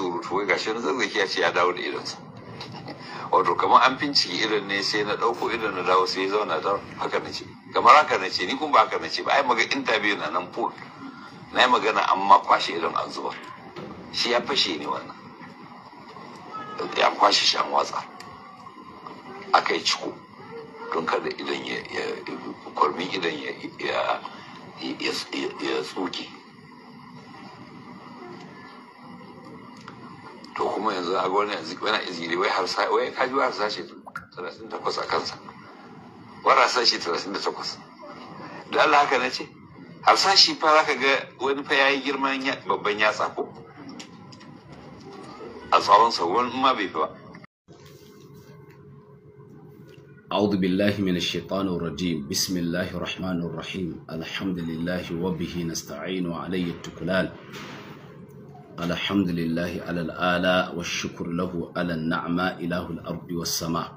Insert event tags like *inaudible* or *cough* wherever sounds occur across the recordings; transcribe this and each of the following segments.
surutu wai gashi na zazzaki ya ce ya dawo da idonsa wato kamar an bincike irin ne sai na ɗauko irin na dawo sai zauna da haka na ce kamar haka na ce ni kuma haka na ce ba ai maga interview na nan pool na yi magana amma kwashe irin an zuwa, shi ya fashe ne wannan ya kwashe shan watsa aka yi ciko don kada idan ya kwarmi idan ya tsuki. to kuma yanzu a gwani yanzu yana izgiri wai har sa wai kaji wa har sashi 38 a kansa wara sashi 38 da Allah haka na ce har sashi fa za ka ga wani fa yayi girman babban yatsa ko a tsawon sa wani ma bai fi ba أعوذ بالله من الشيطان الرجيم بسم الله الرحمن الرحيم الحمد لله وبه نستعين وعليه التكلال الحمد لله على الآلاء والشكر له على النعمة إله الأرض والسماء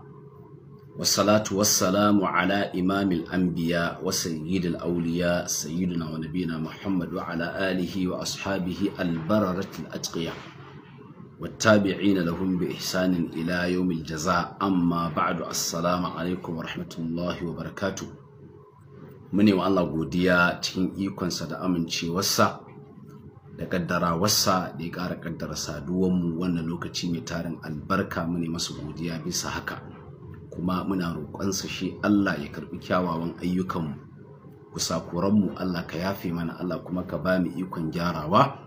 والصلاة والسلام على إمام الأنبياء وسيد الأولياء سيدنا ونبينا محمد وعلى آله وأصحابه البررة الأتقياء والتابعين لهم بإحسان إلى يوم الجزاء أما بعد السلام عليكم ورحمة الله وبركاته mune wa Allah godiya cikin ikonsa da amincewarsa da kaddara wasa da ya ƙara kaddara mu wannan lokaci mai tarin albarka mune masa godiya bisa haka kuma muna roƙonsa shi Allah ya karɓi kyawawan ayyukan ayyukanmu mu Allah ka yafe mana Allah kuma ka ba mu ikon gyarawa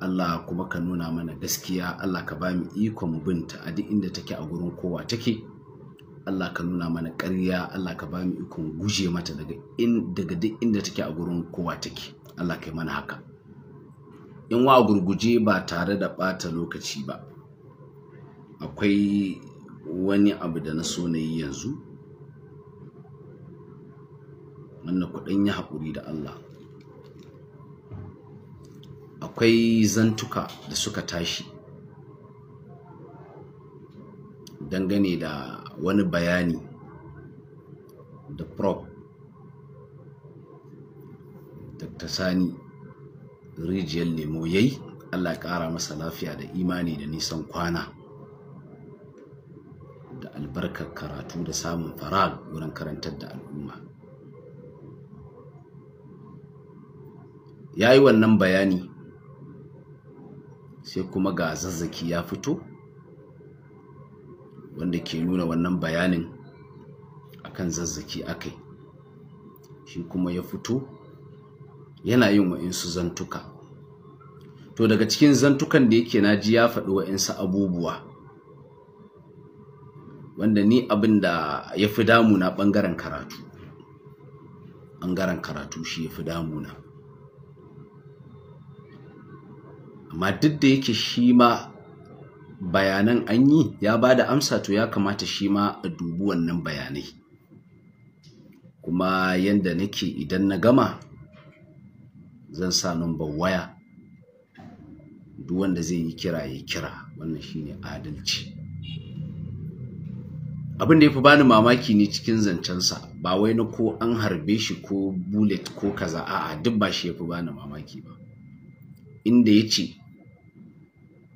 Allah kuma ka nuna mana gaskiya Allah ka ba mu ikon binta a duk inda take a gurin kowa take Allah ka nuna mana ƙarya Allah ka ba mu ikon guje mata daga daga duk inda take a gurin kowa take Allah ka yi mana haka in wa gurguje ba tare da ɓata lokaci ba akwai wani abu da na so na yi yanzu wannan kuɗin ya haƙuri da Allah akwai zantuka da suka tashi dangane da wani bayani da prop ta sani rijiyar lemo yi. Allah ya ƙara masa lafiya da imani da nisan kwana da albarkar karatu da samun farag wurin karantar da al'umma ya yi wannan bayani sai kuma ga zazzaki ya fito wanda ke nuna wannan bayanin akan zazzaki akai shi kuma ya fito yana yin wa'insu zantuka to daga cikin zantukan da yake na ji ya faɗi wa'insu abubuwa wanda ni abin da ya fi damuna ɓangaren karatu ɓangaren karatu shi ya fi damuna amma duk da yake shi ma bayanan an yi ya ba da amsa to ya kamata shi ma a dubu wannan bayanai kuma yadda nake idan na gama zan sa numbar waya duk wanda zai yi kira ya kira wannan shine adalci abin da ya fi bani mamaki ne cikin zancensa ba wai na ko an harbe shi ko bullet ko kaza a'a duk ba shi ya fi bani mamaki ba inda ya ce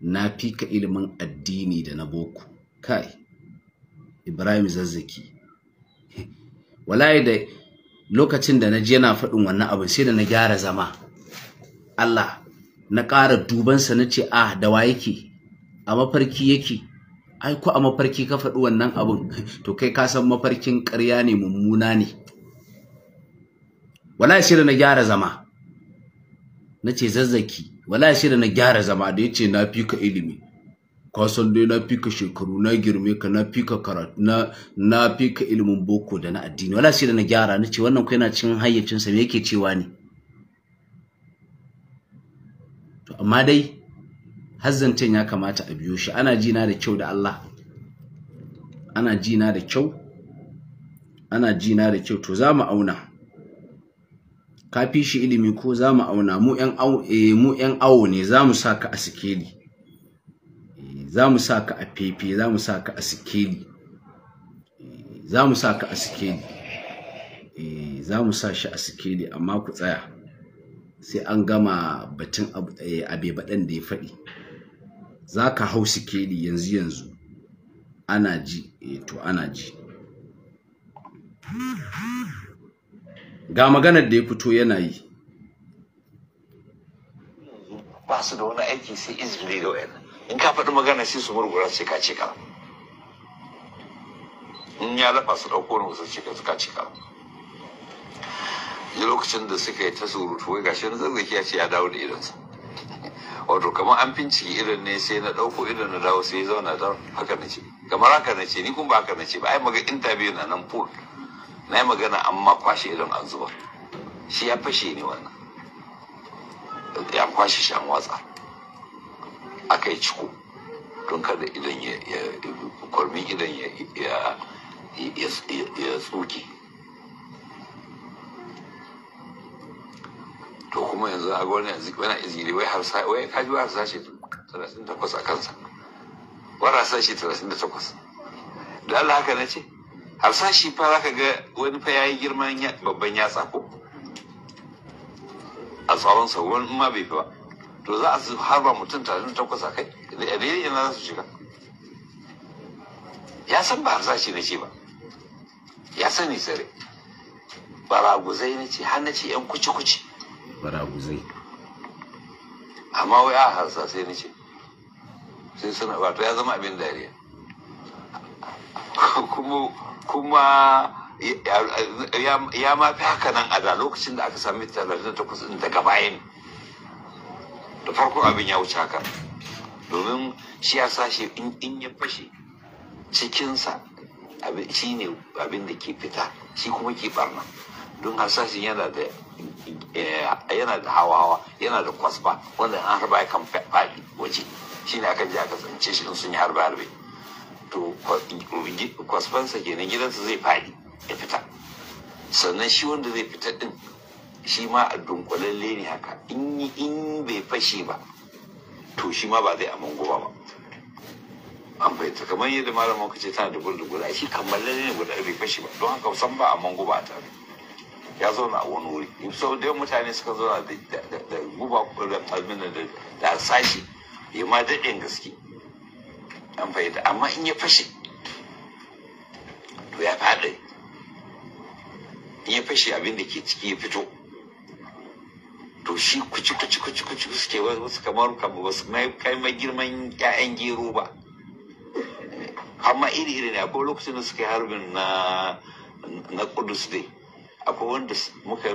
na fi ka ilimin addini da na boko kai ibrahim zazzaki walayi da lokacin da na je na faɗin wannan abin sai da na gyara zama Allah na ƙara dubansa na ce a ah, da wa yake a mafarki yake ai ko a mafarki ka faɗi wannan abun *laughs* to kai ka san mafarkin ƙarya ne mummuna ne Wala shi da na gyara zama na ce zazzaki wala shi da na gyara zama da yace na fi ka ilimi ka san dai na fi ka shekaru na girme ka na fi ka karatu na na fi ka ilimin boko da na addini wala shi da na gyara na ce wannan kai na cin hayyacin sa me yake cewa ne to amma dai hazzantan ya kamata a biyo shi ana jina da kyau da Allah ana jina da kyau ana jina da kyau to za mu auna ka fi shi ilimi ko za mu auna mu yan eh, awo ne za mu sa ka a sikeli eh, za mu sa ka a fefe za mu sa ka a sikeli eh, za mu sa ka a sikeli za mu sa shi a sikeli amma ku tsaya sai an gama batun eh, abebaɗen da ya faɗi za ka hau sikeli yanzu yanzu ana ji eh, to ana ji ga maganar da ya fito yana yi ba su da wani aiki sai izini da wani in ka faɗi magana sai su murgura sai ka ce ka in ya laɓa su ɗauko ne wasu ce ka ce ka Yi lokacin da suka yi ta surutu wai gashi na zazzaki ya ce ya dawo da irinsa wato kamar an bincike irin ne sai na ɗauko irin na dawo sai ya zauna da haka na ce kamar haka na ce ni kuma ba haka na ce ba ai maga interview na nan pool na yi magana amma kwashe irin an zuba shi ya fashe ne wannan ya kwashe shi an watsa aka yi ciko don kada idan ya kwarmin idan ya tsuke to kuma yanzu a gwani yanzu yana izini wai har wai kaji har sashi 38 a kansa wara sashi 38 da Allah haka na ce har sashi fa zaka ga wani fa yayi girman babban yatsa ko a tsaron sa wani ma bai fi ba to za a su harba mutum 38 a kai da yanayi yana za su shiga ya san ba har sashi na ce ba ya sani tsare baraguzai na ce har na ce yan kuci-kuci baraguzai amma wai a harsa sai ni ce sai suna wato ya zama abin dariya kuma ya ma fi haka nan a da lokacin da aka sami talatin takwas ɗin daga bayan da farko abin ya wuce haka domin shi ya sashe in ya fashe cikinsa shi ne abin da ke fita shi kuma ke barna don hasashen yana da Eh, yana da hawa-hawa yana da kwasba wanda an harba ya kan faɗi waje Shi ne aka je aka tsince shi in sun yi harbe-harbe to kwasbansa kenan gidansa zai faɗi ya fita sannan shi wanda zai fita ɗin, shi ma a dunkulalle ne haka in yi in bai fashe ba to shi ma ba zai a goba ba an fahimta kamar yadda malamin ka ce tana da gudu guda shi kammalle ne guda bai fashe ba don haka san ba aman goba a tare ya zauna a wani wuri sau da mutane suka zauna da guba da almina da sashi ya ma daɗe gaske an fahimta amma in ya fashe to ya faɗi in ya fashe abin da ke ciki ya fito to shi kuci kuci kuci kuci suke wasu kamar kamar wasu kai mai girman 'ya'yan gero ba amma iri iri ne akwai lokacin da suka yi harbin na na kudus dai akwai wanda muka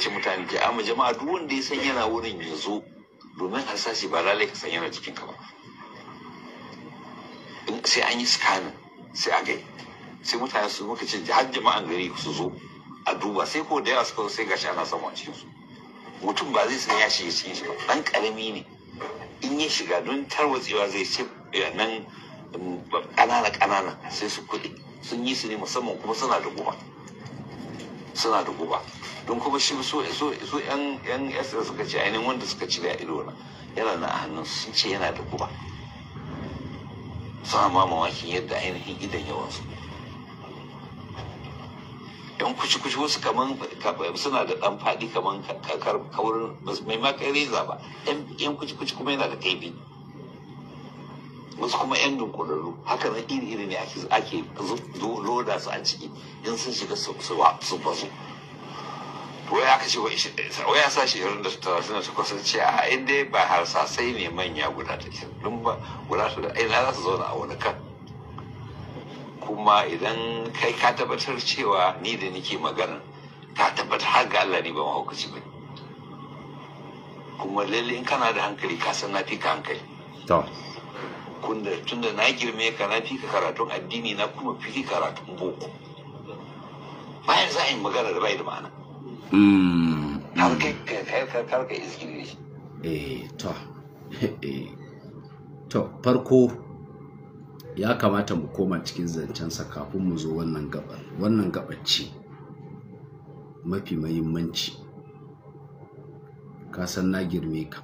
ce mutane ke amma jama'a duk wanda ya san yana wurin ya zo domin a sashi ba lalai ka san yana cikin ka sai an yi scanning sai a gai sai mutane su muka ce har jama'an gari su zo a duba sai ko da yawa suka sai gashi ana samu a cikin su mutum ba zai san ya shiga cikin shi ba dan karami ne in ya shiga don tarwatsewa zai ce nan kanana mm, ƙanana sai su kuɗi sun yi su ne musamman kuma suna da goma suna da guba don kuma shi so so yan yan SS suka ci ainihin wanda suka ci da ido na yana na hannun sun ce yana da guba suna ma mamakin yadda ainihin idan yawan su yan kuci kuci wasu kaman suna da dan fadi kaman kaurin mai ma reza ba yan kuci kuci kuma yana da kaifi wasu kuma yan dunkulalu haka nan iri iri ne ake loda su a ciki in sun shiga su bazu wai aka ce wai ya sa shi irin da su da ta sun ce a inda ba sai ne manya guda ta ke dun ba guda ta da aina za su zauna a wani kan kuma idan kai ka tabbatar cewa ni da nake magana ka tabbatar har ga Allah ni ba mahaukaci ba kuma lalle in kana da hankali ka san na fi ka hankali kunda tunda na girme ka na fi ka karatun addini na kuma fi karatun boko bayan za a yi magana da bai da ma'ana Karka hmm. kai ne. eh to *laughs* eh. to farko ya kamata mu koma cikin zancensa kafin mu zo wannan gabar wannan gabar ce mafi mahimmanci ka san na girme ka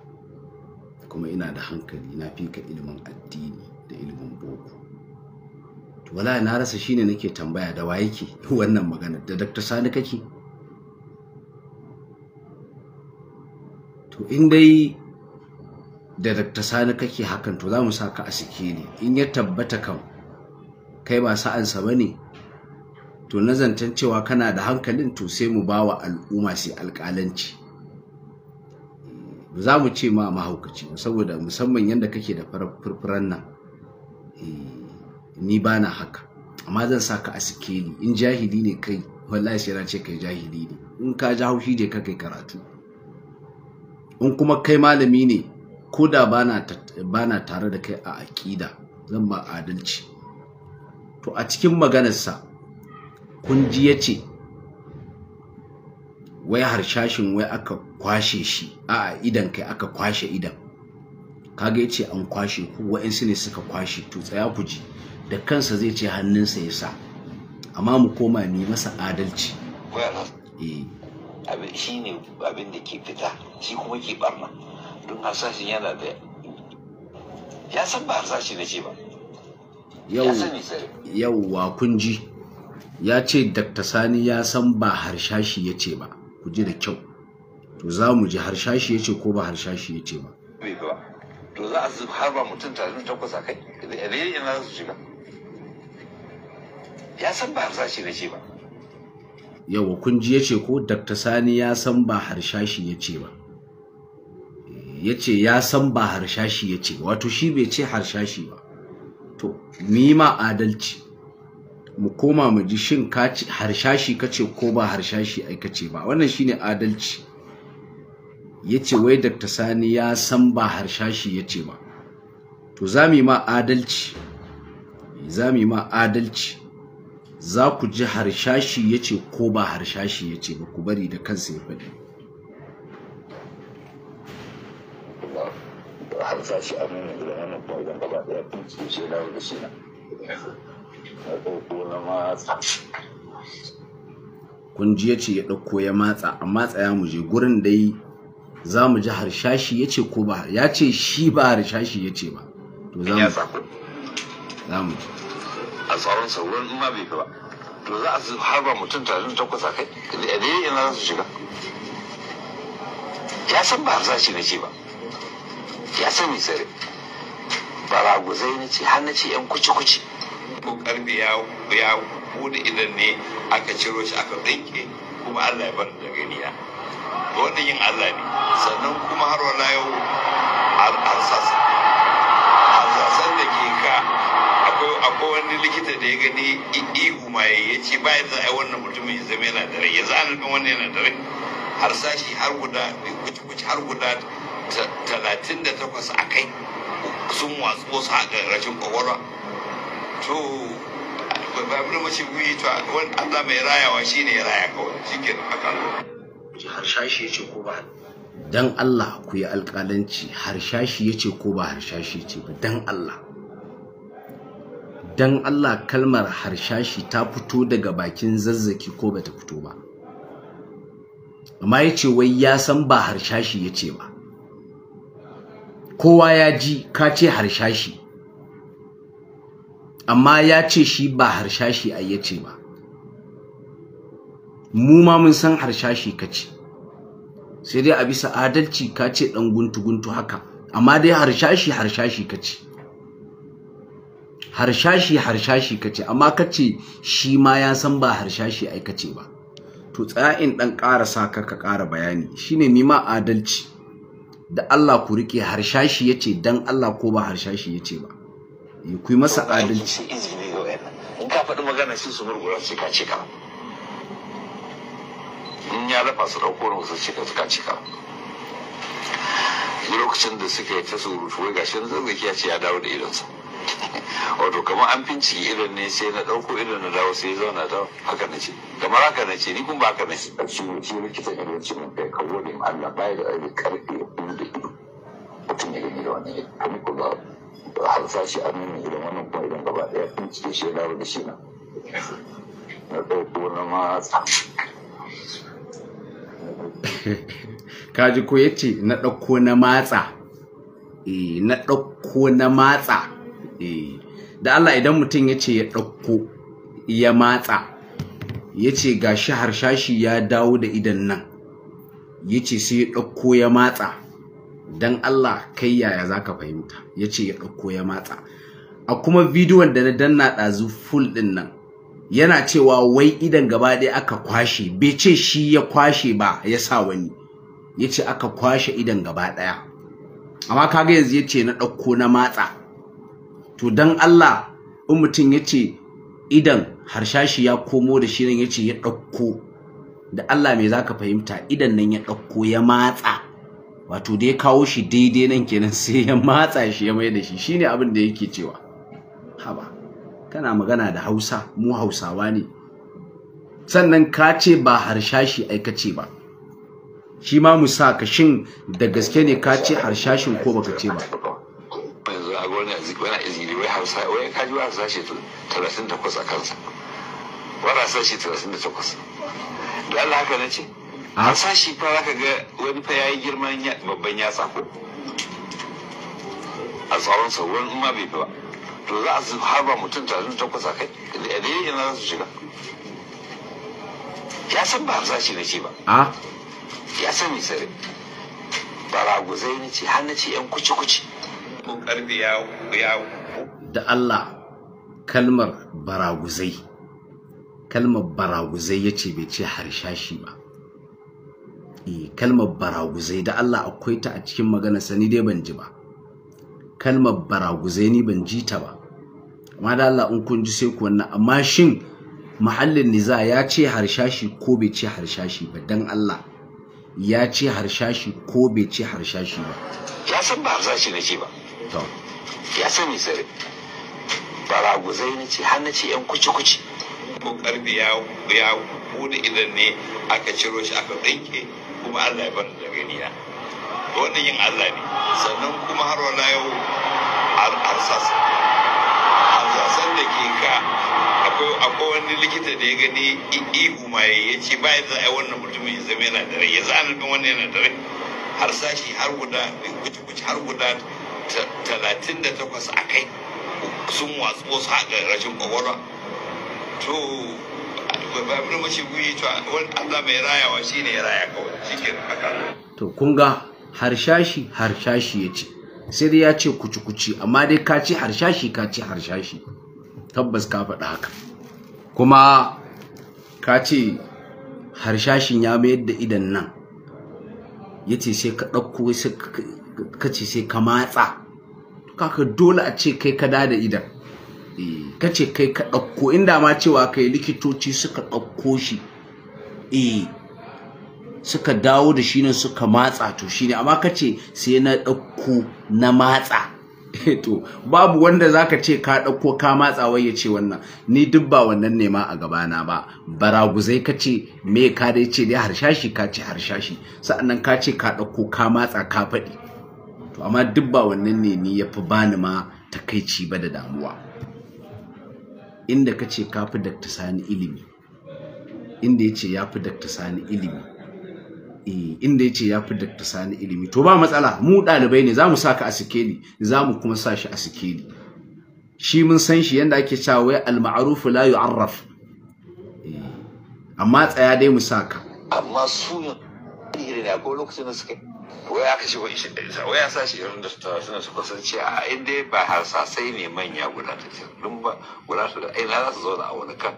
kuma ina da hankali na fi ka ilimin addini da ilimin boko to wala na rasa shine nake tambaya da waye ke wannan magana da Dr. Sani kake to in dai da Dr. Sani kake hakan to za mu sa ka a sikeli in ya tabbata kan kai ba sa'ansa ne? to na zancen cewa kana da hankalin to sai mu bawa al'umma sai alƙalanci ba za mu ce ma mahaukaci saboda musamman yadda kake da furfuran nan eh, ni ba na haka amma zan sa ka a sikeli in jahili ne kai wallahi shi na ce kai jahili ne in ka ji haushi je ka kai karatu in kuma kai malami ne ko da ba na tare da kai a aƙida zan ba adalci to a cikin maganarsa kun ji ya ce wai harshashin wai aka kwashe shi a idan kai aka kwashe idan kaga yace an kwashe ku wa'ansu ne suka kwashe to tsaya ku ji da kansa zai ce hannunsa ya sa amma mu koma ni masa adalci eh. shi ne abin da ke fita shi kuma ke barna don harsashin yana da ya san ba harsashi na ce ba wa kun ji ya ce dakta sani ya san ba harshashi ya ce ba ku ji da kyau to za mu ji harshashi ya ce ko ba harshashi ya ce ba to za a har harba mutum talatin takwas a kai rere ina za su shiga ya san ba harshashi na ce ba yawa kun ji ya ce ko dr sani ya san ba harshashi ya ce ba ya ce ya san ba harshashi ya ce wato shi bai ce harshashi ba to ni ma adalci mu koma mu ji shin ka harshashi kace ko ba harshashi aikace ba wannan shine adalci yace wai Dr. Sani ya san ba harshashi yace ba to za ma adalci ma adalci za ku ji harshashi yace ko ba harshashi yace ba ku bari da kansa ya faɗi harshashi abin da idan gaba ɗaya dawo da shi kun ji yace ya ɗauko ya matsa amma tsaya mu je gurin dai za mu ji harshashi ya ce ko ba ya ce shi ba harshashi ya ce ba to za mu za mu a tsaron sauran in ma bai fi ba to za a harba mutum tarin takwas a kai a dai ina za su shiga ya san ba harshashi na ce ba ya san sani sare baraguzai na ce har na ce yan kuci-kuci ko karfe ya bude idan ne aka ciro shi aka ɗinke kuma Allah ya bar da ganiya. da wannan yin Allah ne sannan kuma har wala yau arsasan da ke ka akwai wani likita da ya gani ihu ma ya ce ba ya za a yi wannan mutumin ya zama yana da rai ya zana ɗin wannan yana da rai harsashi har guda kuci har guda talatin da takwas a kai sun watsu wasu a rashin kwakwalwa to ba abin mace gumi to wani Allah mai rayawa shi ne ya raya kawai shi ke akan harshashi ya ce ko ba dan Allah ku yi alƙalanci harshashi ya ce ko ba harshashi ce ba dan Allah dan Allah kalmar harshashi ta fito daga bakin zazzaki ko bata fito ba amma ya ce wai ya san ba harshashi ya ce ba kowa ya ji ka ce harshashi amma ya ce shi ba harshashi a yace ba mu ma mun san harshashi kace sai dai a bisa adalci ka ce dan guntu guntu haka amma dai harshashi harshashi kace harshashi harshashi kace amma kace shi ma ya san ba harshashi ai kace ba to tsa'in dan ƙara ka ka ƙara bayani shine ni ma adalci da Allah ku rike harshashi yace dan Allah ko ba harshashi yace ba ku yi masa adalci in ka faɗi magana shi su murgura cika ya su ɗauko su cika ka cika lokacin da suka yi ta surutu wai gashi yanzu ya ya dawo da *laughs* wato kamar an finciki irin ne sai na ɗauko irin na dawo sai zauna haka na ce kamar haka na ce ni kun haka na ce shi shi kai kawo ne baya da da ido mutum ya gani da ya kuma harsashi a nuna irin wannan kuma idan gaba daya bincike shi na da shi na na ɗaya ko na matsa kaji ko ya ce na ɗauko na matsa eh, na ɗauko na matsa eh, da Allah idan mutum ya ce ya ɗauko ya matsa ya ce ga shi harshashi ya dawo da idan nan ya ce sai ya ɗauko ya matsa dan Allah kai yaya zaka fahimta yace ya ɗauko ya matsa a kuma bidiyon da na danna ɗazu full ɗin nan yana cewa wai idan gaba ɗaya aka kwashe bai ce shi ya kwashe ba ya sa wani ya ce aka kwashe idan gaba ɗaya amma kaga yanzu ya ce na ɗauko na matsa to don Allah in mutum ya ce idan harshashi ya komo da shi nan ya ce ya ɗauko da Allah me zaka fahimta idan nan ya ɗauko ya matsa wato da ya kawo shi daidai nan kenan *laughs* sai ya matsa shi ya mai da shi shine abin da yake cewa haba kana magana da hausa mu hausawa ne sannan ka ce ba harshashi aikace ba shi ma mu sa ka shin da gaske ne ka ce harshashin ko baka ce ba yanzu a gwani a ziki wani izini wai hausa wai ka ji wani sashi 38 a kansa wani sashi 38 da Allah haka na ce harsashi fa zaka ga wani fa yayi girman babban yatsa ko a tsaron sa wani ma bai ba to za a harba mutum tarin takwas a kai da yi ina za su shiga ya san ba harsashi na ce ba ya san mai sare ba raguzai na ce har na yan kuci kuci mun karfe ya da Allah kalmar baraguzai kalmar baraguzai ya ce bai ce harshashi ba E, kalmar baraguzai da Allah akwai ta a cikin magana sani dai ban ji ba kalmar baraguzai ni ban ji ta ba amma da Allah in kun ji sai ku wannan amma shin muhallin niza ya ce harshashi ko bai ce harshashi ba dan Allah ya ce harshashi ko bai ce harshashi ba ya san ba harshashi na ce ba to ya sani sare baraguzai na ce har na ce yan kuci kuci ko karbi ya ya bude idan ne aka ciro shi aka danke kuma Allah ya bani da gani na wannan yin Allah ne sannan kuma har wala yau harsasan harsasan da ke ka akwai wani likita da ya gani ihu ma ya ce ba ya za a wannan mutumin ya zama yana dare ya zana nufin wannan yana dare har harsashi har guda kuci har guda talatin da takwas a kai sun watsu wasu haɗa rashin kwakwalwa to mace to wani Allah mai rayawa shi ya raya kawai to kun ga harshashi harshashi ya ce sai dai ya ce kuci-kuci amma dai kaci harsashi, harshashi ka harshashi tabbas ka faɗa haka kuma ka ce ya mayar da idan nan ya ce sai ka ɗauko ka ce sai ka matsa kaka dole a ce kai ka da idan ka ce kai ka ɗauko inda ma cewa kai likitoci suka ɗauko shi e, suka dawo da shi ne suka matsa to shi ne amma ka ce sai na ɗauko na matsa eh, to babu wanda za ka ce ka ɗauko ka matsa wai ya ce wannan ni duk wannan ne ma a gabana ba baraguzai ka ce me ka dai ce dai harshashi ka ce harshashi sa'annan ka ce ka ɗauko ka matsa ka faɗi to amma duk wannan ne ni ya fi bani ma takaici ba da damuwa inda ka ce ka fi dakta sani ilimi inda ya ce ya fi dakta sani ilimi eh, inda ya ce ya fi dakta sani ilimi to ba matsala mu ɗalibai ne za mu sa ka a sikeli za mu kuma sa shi a sikeli shi mun san shi yadda ake cewa wai al layu la yu'arraf eh, amma tsaya dai mu sa ka amma su ne akwai lokacin da suka waya aka shi eh, waya sa shi irin da suna su kasance a inda ba sai ne manya guda ta cikin ba guda ta da aina za su zauna a wani kan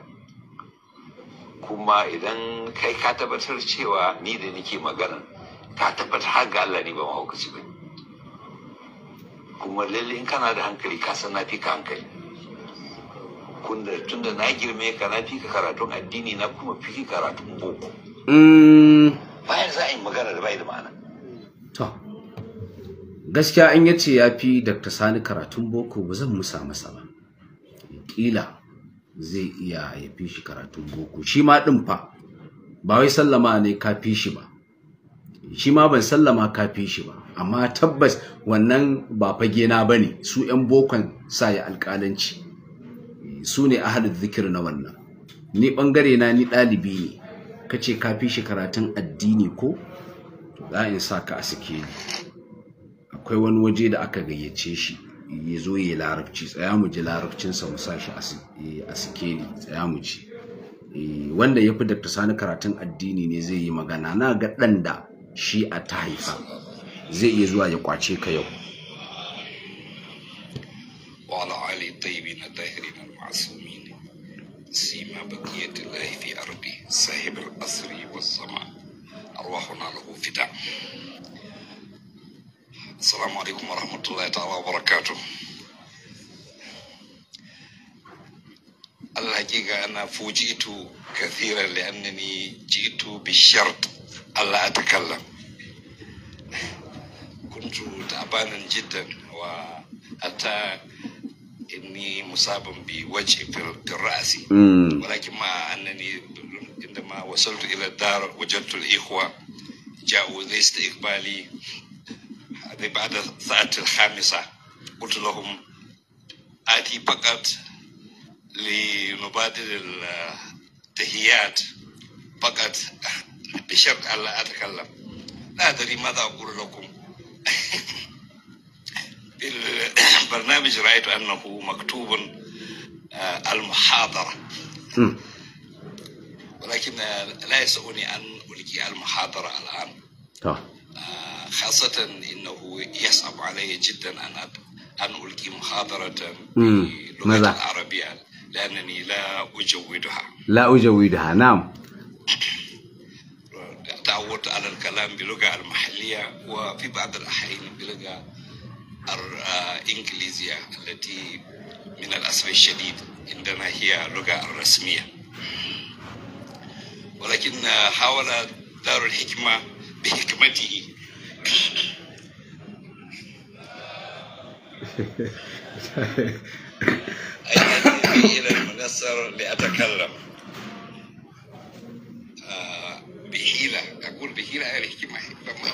kuma idan kai ka tabbatar cewa ni da nake magana ka tabbatar har ga Allah ni ba mahaukaci ba kuma lalle in kana da hankali ka san na fi ka hankali kunda tunda na girme ka na fi ka karatun addini na kuma fi karatun boko mm. bayan za a yi magana da bai da ma'ana to gaskiya an yace ya fi dr sani karatun boko ba zan musa masa ba kila zai iya ya fi shi karatun boko shi ma din fa ba wai sallama ne ka fi shi ba shi ma ban sallama ka fi shi ba amma tabbas wannan ba fage na bane su yan bokon sa ya alƙalanci su ne ahalin zikir na wannan ni bangare na ni ɗalibi ne kace ka fi shi karatun addini ko to za in sa ka a sikeli akwai wani waje da aka gayyace shi ya zo ya larabci tsaya mu ji larabcinsa mu sa shi a eh, sikeli tsaya mu ji eh, wanda ya fi da sani karatun addini ne zai yi magana na ga ɗan da shi a ta haifa zai iya zuwa ya kwace ka yau وعلى آل الطيبين الطاهرين المعصومين sima بقية الله arbi sahibar صاحب الأسر zama. arwaxuna lagu fida asalaamu calaykum waraxmatullahi tacaala wabarakaatu alhaqiiqa ana fuujitu kaiira liannanii jitu bishart ala atakalam kuntu taabanan jidan wa ata inii musaaban biwajhi fi عندما وصلت إلى الدار وجدت الإخوة جاءوا لاستقبالي بعد الساعة الخامسة قلت لهم آتي فقط لنبادل التحيات فقط بشرط ألا أتكلم لا أدري ماذا أقول لكم *laughs* البرنامج رأيت أنه مكتوب آه، المحاضرة ولكن لا يسعني أن ألقي المحاضرة الآن طيب. آه، خاصة أنه يصعب علي جدا أن أن ألقي محاضرة باللغة العربية لأنني لا أجودها لا أجودها نعم تعودت على الكلام باللغة المحلية وفي بعض الأحيان باللغة الإنجليزية التي من الأسف الشديد عندنا هي اللغة الرسمية ولكن حاول دار الحكمة بحكمته *laughs* إلى المنصر لأتكلم آه، بحيلة أقول بحيلة الحكمة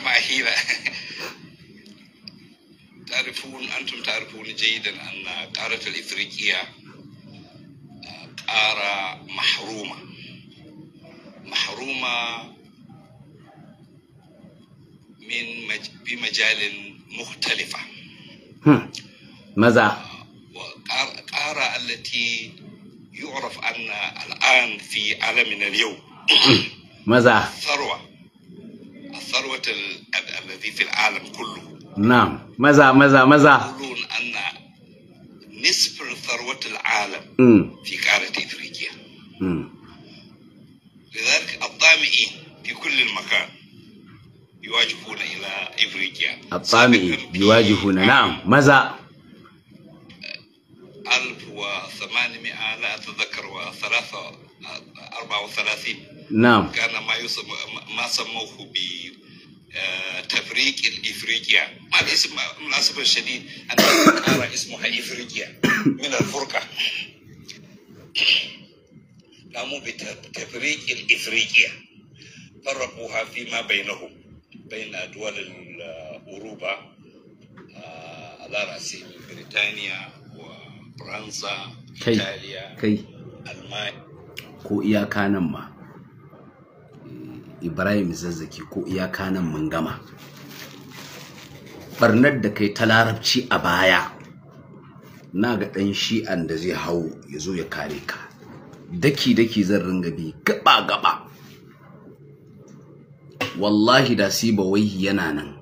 ما حيلة *laughs* تعرفون أنتم تعرفون جيدا أن قارة الإفريقية قارة آه، محرومة محرومة من مج... بمجال مختلفة ماذا؟ وقارة التي يعرف أن الآن في عالمنا اليوم *coughs* ماذا؟ الثروة الثروة ال... الذي في العالم كله نعم ماذا ماذا ماذا؟ يقولون أن نصف ثروة العالم م. في قارة إفريقيا م. لذلك الطامئين في كل المكان يواجهون إلى إفريقيا الطامئين يواجهون نعم ماذا؟ 1800 لا أتذكر وثلاثة 34 نعم كان ما يسمى ما سموه ب آه، تفريق الافريقيا ما الاسم للاسف الشديد ان اسمها افريقيا من الفرقه قاموا بتفريق الإفريقية فرقوها فيما بينهم بين دول أوروبا على رأس بريطانيا وفرنسا إيطاليا كي. ألمانيا ko iyaka nan ma eh, ibrahim zazzaki ko iyaka nan mun gama barnar da kai ta larabci a baya na ga ɗan shi'an da zai hau ya zo ya kare ka daki-daki zan ringa bi gaba-gaba wallahi da si wai yana nan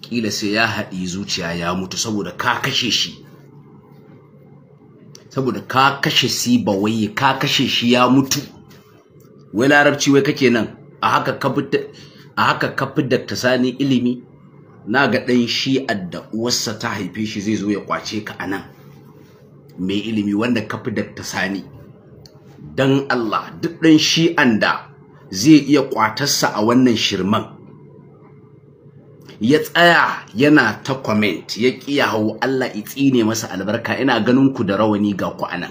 ƙila sai ya haɗi zuciya ya mutu saboda ka kashe shi saboda ka kashe si wai ka kashe shi ya mutu wai larabci wai kake nan a haka ka fi ta sani ilimi na ga ɗan shi da uwarsa ta haife shi zai zo ya kwace ka a nan mai ilimi wanda ka fi dakta sani don Allah duk ɗan shi'an da zai iya kwatarsa a wannan shirman ya tsaya yana ta kwament ya ƙiya hau Allah ya tsine masa albarka ina ganin ku da rawani ga ku anan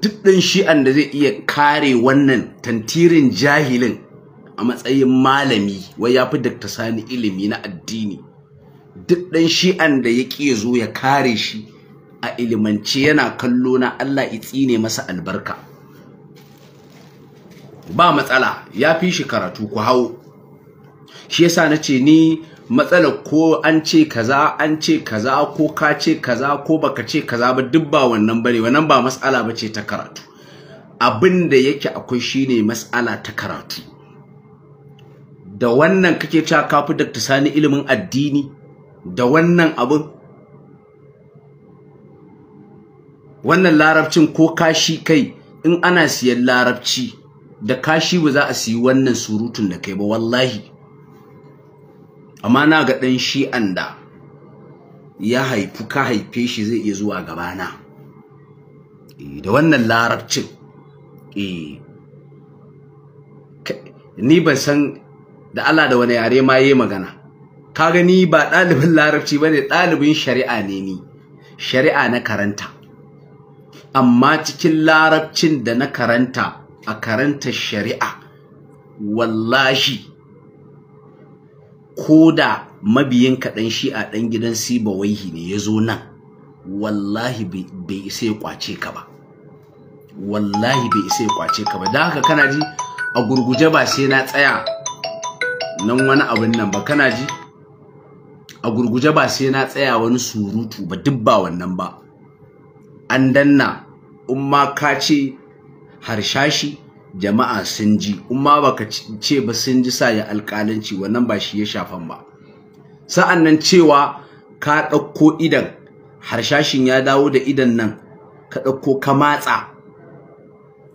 duk ɗan shi'an da zai iya kare wannan tantirin jahilin a matsayin malami wai ya fi dakta sani ilimi na addini duk ɗan shi'an da ya ƙi zo ya kare shi a ilimance yana kallo na Allah ya tsine masa albarka ba matsala ya fi shi karatu ku hau shi yasa nace ni matsalar ko an ce kaza an ce kaza ko ka ce kaza ko baka ce kaza ba duk ba wannan bane wannan ba matsala bace ta karatu abin da yake akwai shine matsala ta karatu da wannan kake cewa kafi Dr. Sani ilimin addini da wannan abin wannan larabcin ko kashi kai in ana siyan larabci da kashi ba za a siyi wannan surutun da kai ba wallahi amma na ga ɗan shi da ya haifu ka haife shi zai iya zuwa gabana eh, da wannan larabcin eh. ni ban san da Allah da wani yare ma yi magana kaga ni ba ɗalibin larabci ba ne ɗalibin shari'a ne ni shari'a na karanta amma cikin larabcin da na karanta a karanta shari'a wallahi ko da mabiyin kaɗan shi a ɗan gidan sibawaihi ne ya zo nan wallahi bai isa ya kwace ka ba wallahi bai isa ya kwace ka ba da haka kana ji a gurguje ba sai na tsaya nan wani abin nan ba kana ji a gurguje ba sai na tsaya wani surutu ba duk ba wannan ba an danna in ma ka ce harshashi jama'a sun ji in ma baka ce ba sun ji sa ya alƙalanci wannan ba shi ya shafan ba sa'an nan cewa ka ɗauko idan harshashin ya dawo da idan nan ka ɗauko ka matsa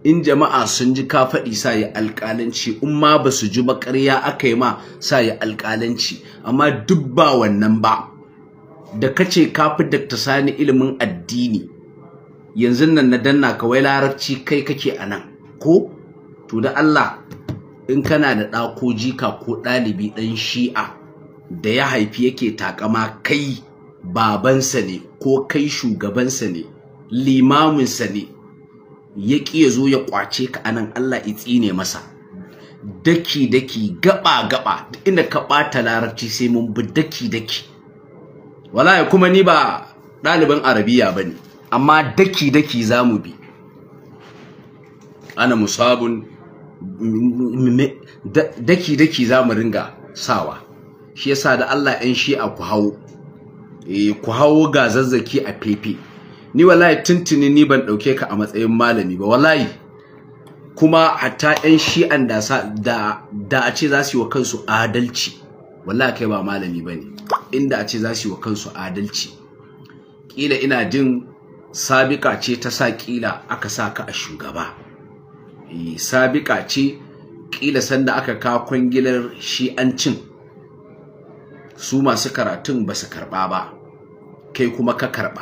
in jama'a sun ji ka faɗi sa ya alƙalanci in ma ba su ji ba ƙarya aka yi ma sa ya alƙalanci amma duk ba wannan ba da kace ka fi dakta sani ilimin addini yanzu nan na danna ka wai larabci kai kake a nan ko to da Allah in kana da ɗako jika ko ɗalibi ɗan shi'a da ya haifi yake takama kai babansa ne ko kai shugabansa ne limaminsa ne ya ƙi ya zo ya ƙwace ka anan Allah ya tsine masa daki daki gaba gaba inda ka ɓata larabci sai mun bi daki daki wallahi kuma ni ba ɗaliban arabiya bane amma daki-daki za mu bi ana musabun daki-daki za mu ringa sawa shi yasa da Allah ɗan shi a ku hau eh, ku ga zazzaki a fefe ni wallahi tuntuni ni ban ɗauke ka a matsayin malami ba wallahi kuma hatta ɗan shi'an da da a ce za su yi wa kansu adalci wallahi kai ba malami ba ne inda a ce za su yi wa kansu adalci ƙila ina jin Sabika ce ta sa ƙila aka sa ka a shugaba e, Sabika ce ƙila sanda aka ka kwangilar shi'ancin su masu karatun ba su karɓa ba kai kuma ka karɓa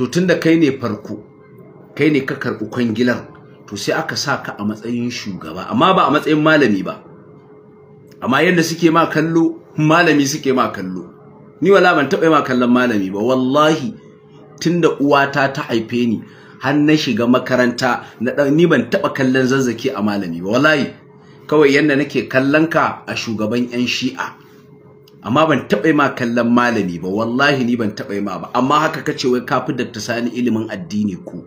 to tunda kai ne farko kai ne ka karɓi kwangilar to sai aka sa ka a matsayin shugaba amma ba a matsayin malami ba amma yadda suke ma kallo malami suke ma kallo ni wala ban taɓa yi ma kallon malami ba wallahi Tun da uwata ta haife ni har na shiga makaranta na ɗan ni ban taba kallon zazzaki a malami ba wallahi kawai yadda nake kallon ka a shugaban yan shi'a amma ban taɓa yi ma kallon malami ba wallahi ni ban taɓa yi ma ba amma haka kace wai kafi ta Sani ilimin addini ku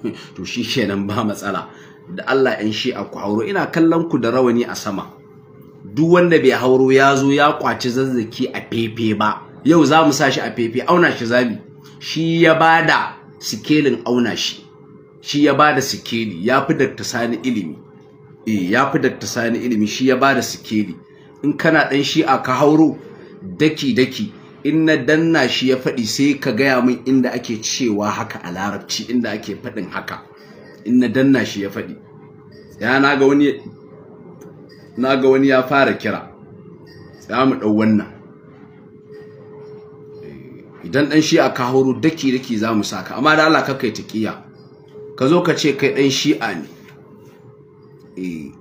*laughs* to shi kenan ba matsala da Allah yan shi'a ku hauro ina kallon ku da rawani a sama duk wanda bai hauro ya zo ya kwaci zazzaki a fefe ba yau za mu sa shi a fefe auna shi zabi shi ya bada sikelin auna shi shi ya bada sikeli ya fi dakta sani ilimi eh ya fi dakta sani ilimi shi ya bada sikeli in kana dan shi a ka hauro daki daki in na danna shi ya faɗi sai ka gaya min inda ake cewa haka a larabci inda ake faɗin haka in na danna shi ya faɗi ya na ga wani ya fara kira za mu ɗau wannan idan dan shi'a ka horo daki daki za mu saka amma da Allah kai taqiya ka zo ka ce kai dan shi'a ne eh.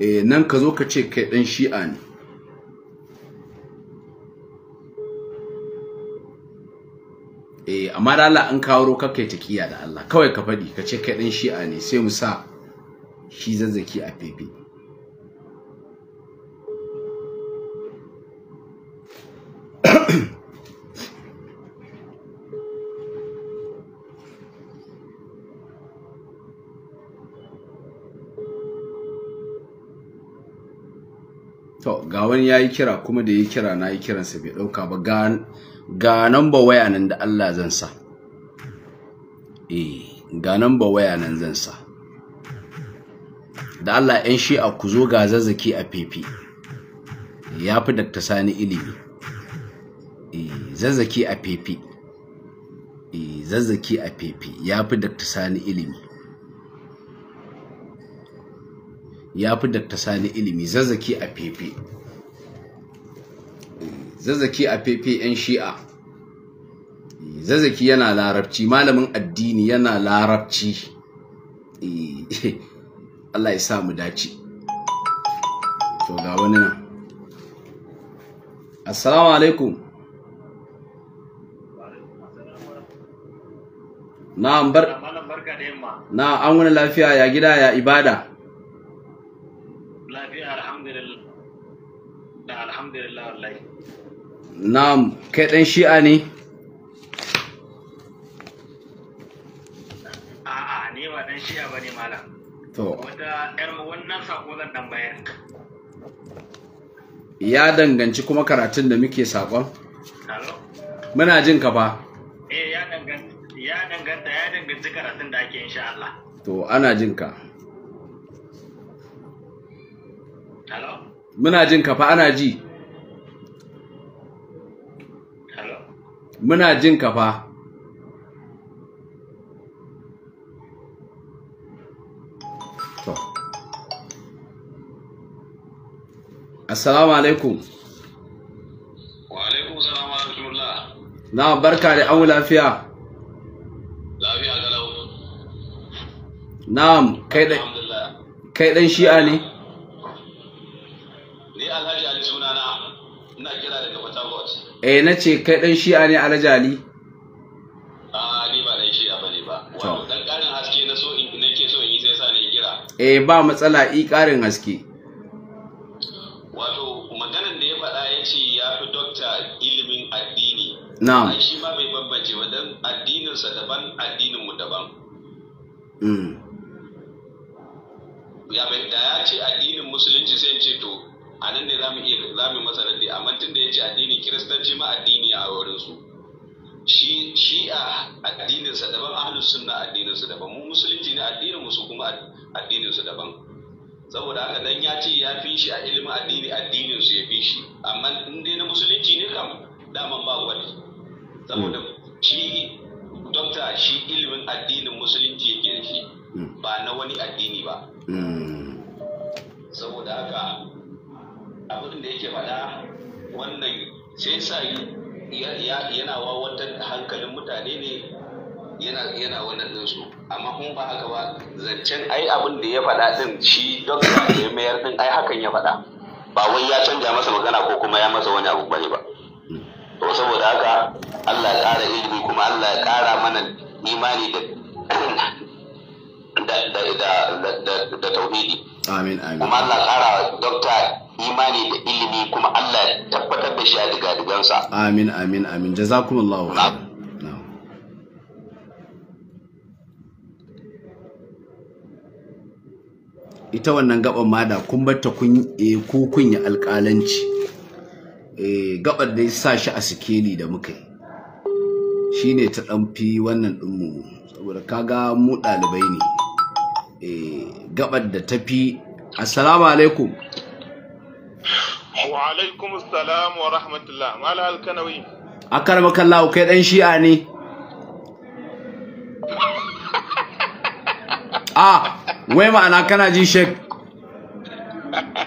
eh nan ka zo ka ce kai dan shi'a ne eh amma da Allah an ka kai taqiya da Allah kawai ka fadi ka ce kai dan shi'a ne sai mu sa shi zazzaki a fefe to ga wani ya yi kira kuma da ya kira na yi kiransa bai dauka ba ga nan ba waya nan da Allah zan sa eh ga ba waya nan zan sa da Allah yan a ku zo ga zazzaki a fifi ya fi dakta sani ilimi eh, zazzaki a fifi eh, zazzaki a fifi ya fi dakta sani ilimi ya fi Dr. Sani ilimi zazzaki a fefe zazzaki a fefe 'yan shi'a zazzaki yana larabci malamin addini yana larabci *laughs* Allah ya sa mu dace to ga wani nan assalamu alaikum na an bar na an wani lafiya ya gida ya ibada lafiya alhamdulillah alhamdulillah wallahi na'am kai dan shi'a ne a'a ni ba ɗan shi'a bane malam to wata yar wannan sako zan dan bayar ya danganci kuma karatun da muke sakon muna jin ka fa eh ya danganta ya danganta ya danganci karatun da ake insha Allah to ana jin ka muna jin ka fa ana ji muna jin ka fa assalamu alaikum wa alaikum salam wa na barka da an lafiya lafiya galau na'am kai dan shi'a ne eh na ce kai dan shi'a ne alajali a ni ba bane ba wato haske na yi sai sa kira eh ba matsala i karin haske wato maganan da ya faɗa ya ce ya fi dokta ilimin addini na'am shi ma bai bambance ba addininsa daban addininmu daban. daban mm. a nan ne zamu iya zamu masa raddi amma tun da ya addini addinin kiristanci ma addini a wurin su shi shi'a addinin sa daban ahlus sunna addinin su daban mu musulunci ne addinin su kuma addinin su daban saboda haka dan ya ce ya fi shi a ilimin addini addinin su ya fi shi amma in dai na musulunci ne kam daman ba wani saboda hmm. shi dokta shi ilimin addinin musulunci yake da shi hmm. ba na wani addini ba hmm. saboda haka abin da yake faɗa wannan sai sa yana wawatar hankalin mutane ne yana wannan ɗinsu amma kun ba haka ba zancen ai abin da ya faɗa ɗin shi dokta ya mayar ɗin ai hakan ya faɗa ba wai ya canja masa magana ko kuma ya masa wani abu bane ba to saboda haka Allah ya ƙara ilimi kuma Allah ya ƙara mana imani da da da da tauhidi amin amin kuma Allah ya ƙara doctor imani da ilimi kuma Allah ya tabbatar da shi a digadigansa amin amin amin jazakumullahu ita wannan gaban ma da kun bar ta kun eh, yi alƙalanci e gabar da sa shi a sikeli da muka yi ne ta ɗanfi fi wannan ɗinmu. saboda saboda kaga mu ɗalibai ne e gabar da fi assalamu alaikum wa alaikum salam wa rahmatullah mala alkanawi akar makallahu kai dan shi'a ne a *laughs* ah, wai ma'ana kana ji shek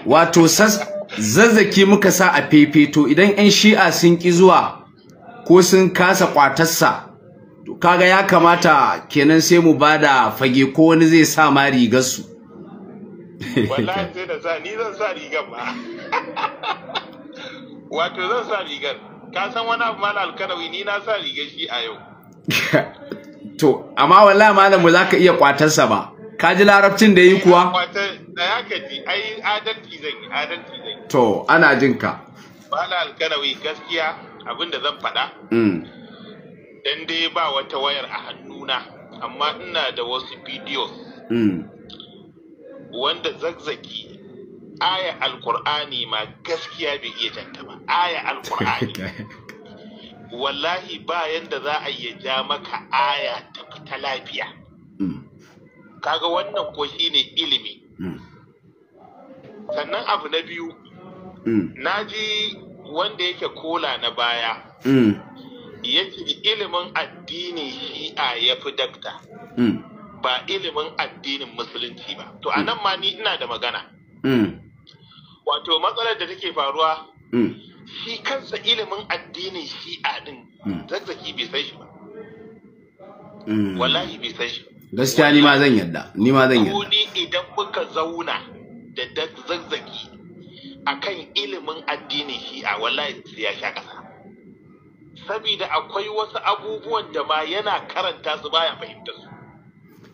wato zazzaki muka sa a fefeto idan yan shi'a sun ki zuwa ko sun kasa kwatarsa kaga ya kamata kenan sai mu bada fage ko wani zai sa ma rigar su wallahi sai da sa ni zan sa rigar ba." *laughs* wato zan sa rigar ka san wani abu mala alkarawi ni na sa rigar shi a yau *laughs* to amma wallahi malam za zaka iya kwatarsa ba ka ji larabcin da yi kuwa da ya ka ji ai adalci zan yi adalci zan yi to ana jin ka mala alkarawi gaskiya abin da zan faɗa mm. dan dai ba wata wayar a hannuna amma ina da wasu bidiyo wanda zagzagi aya alkur'ani ma gaskiya bai iya janta ba aya alkur'ani *laughs* wallahi ba yanda za a iya ja maka aya ta fita lafiya mm. kaga wannan ko shine ilimi mm. sannan abu na biyu mm. na ji wanda yake kola na baya ya ce ilimin addini shi'a ya fi dakta ba ilimin addinin musulunci ba to a hmm. nan ma ni ina da magana hmm. wato matsalar da take faruwa hmm. shi kansa ilimin addinin a din zazzaki bai san shi ba wallahi bai san shi gaskiya ni ma zan yadda ni ma zan yadda ni idan muka zauna da zazzaki akan ilimin addinin a wallahi ya sha kasa Sabida akwai wasu abubuwan da ma yana karanta su baya fahimtar su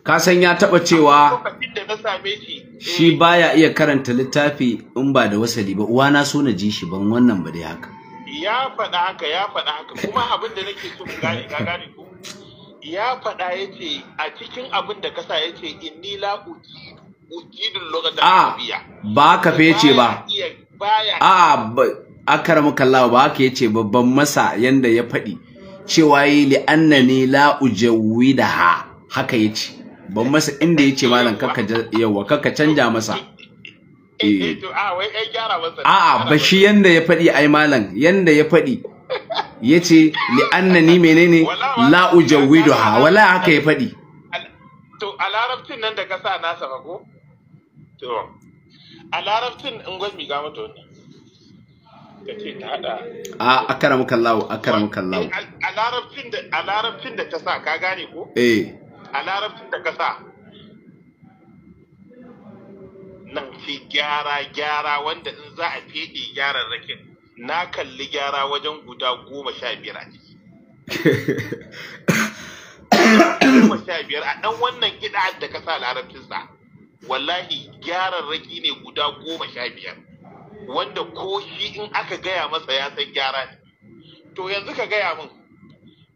ka san ya taba cewa shi eh. baya iya karanta littafi in ba da wasali ba uwa na so na ji shi ban wannan ba dai haka ya faɗa haka ya faɗa haka kuma abin da nake so ga gane ka gane ku ya faɗa yace a cikin abin da kasa yace inni la uji ujidul lughata arabiyya ba ka fe yace ba a akarmu ba ka yace babban masa yanda ya faɗi cewa yi li'annani la da ha haka yace ban masa inda yace malam kakka yawa kakka canja masa eh, eh, eh. Ah, a ba shi yanda ya fadi ai malam yanda ya faɗi yace li annani menene *laughs* la ujawiduha wala haka ya fadi to a larabcin nan da kasa nasa ba ko to a larabcin in gwami ga mata wannan kace ta hada a akaramukallahu akaramukallahu a larabcin da a larabcin da ta sa ka gane ko eh a larabcin da kasa nan fi gyara gyara wanda in za a fede gyaran rakin na kalli gyara wajen guda goma sha biyar a ciki goma sha biyar a ɗan wannan gida da kasa larabcinsa wallahi gyaran raki ne guda goma sha biyar wanda ko shi in aka gaya masa ya san gyara ne to yanzu ka gaya min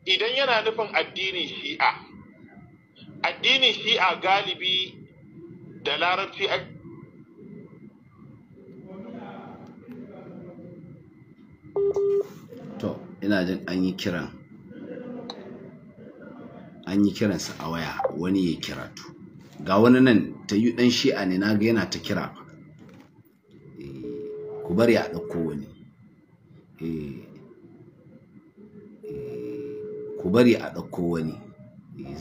idan yana nufin addinin shi'a addinin a galibi da larabci a to ina jin an yi kiran an yi kiransa a waya wani ya kira to ga wani nan ta yi dan shi'a ne na ga yana ta kira eh, ku bari a ɗauko wani eh, eh, ku bari a ɗauko wani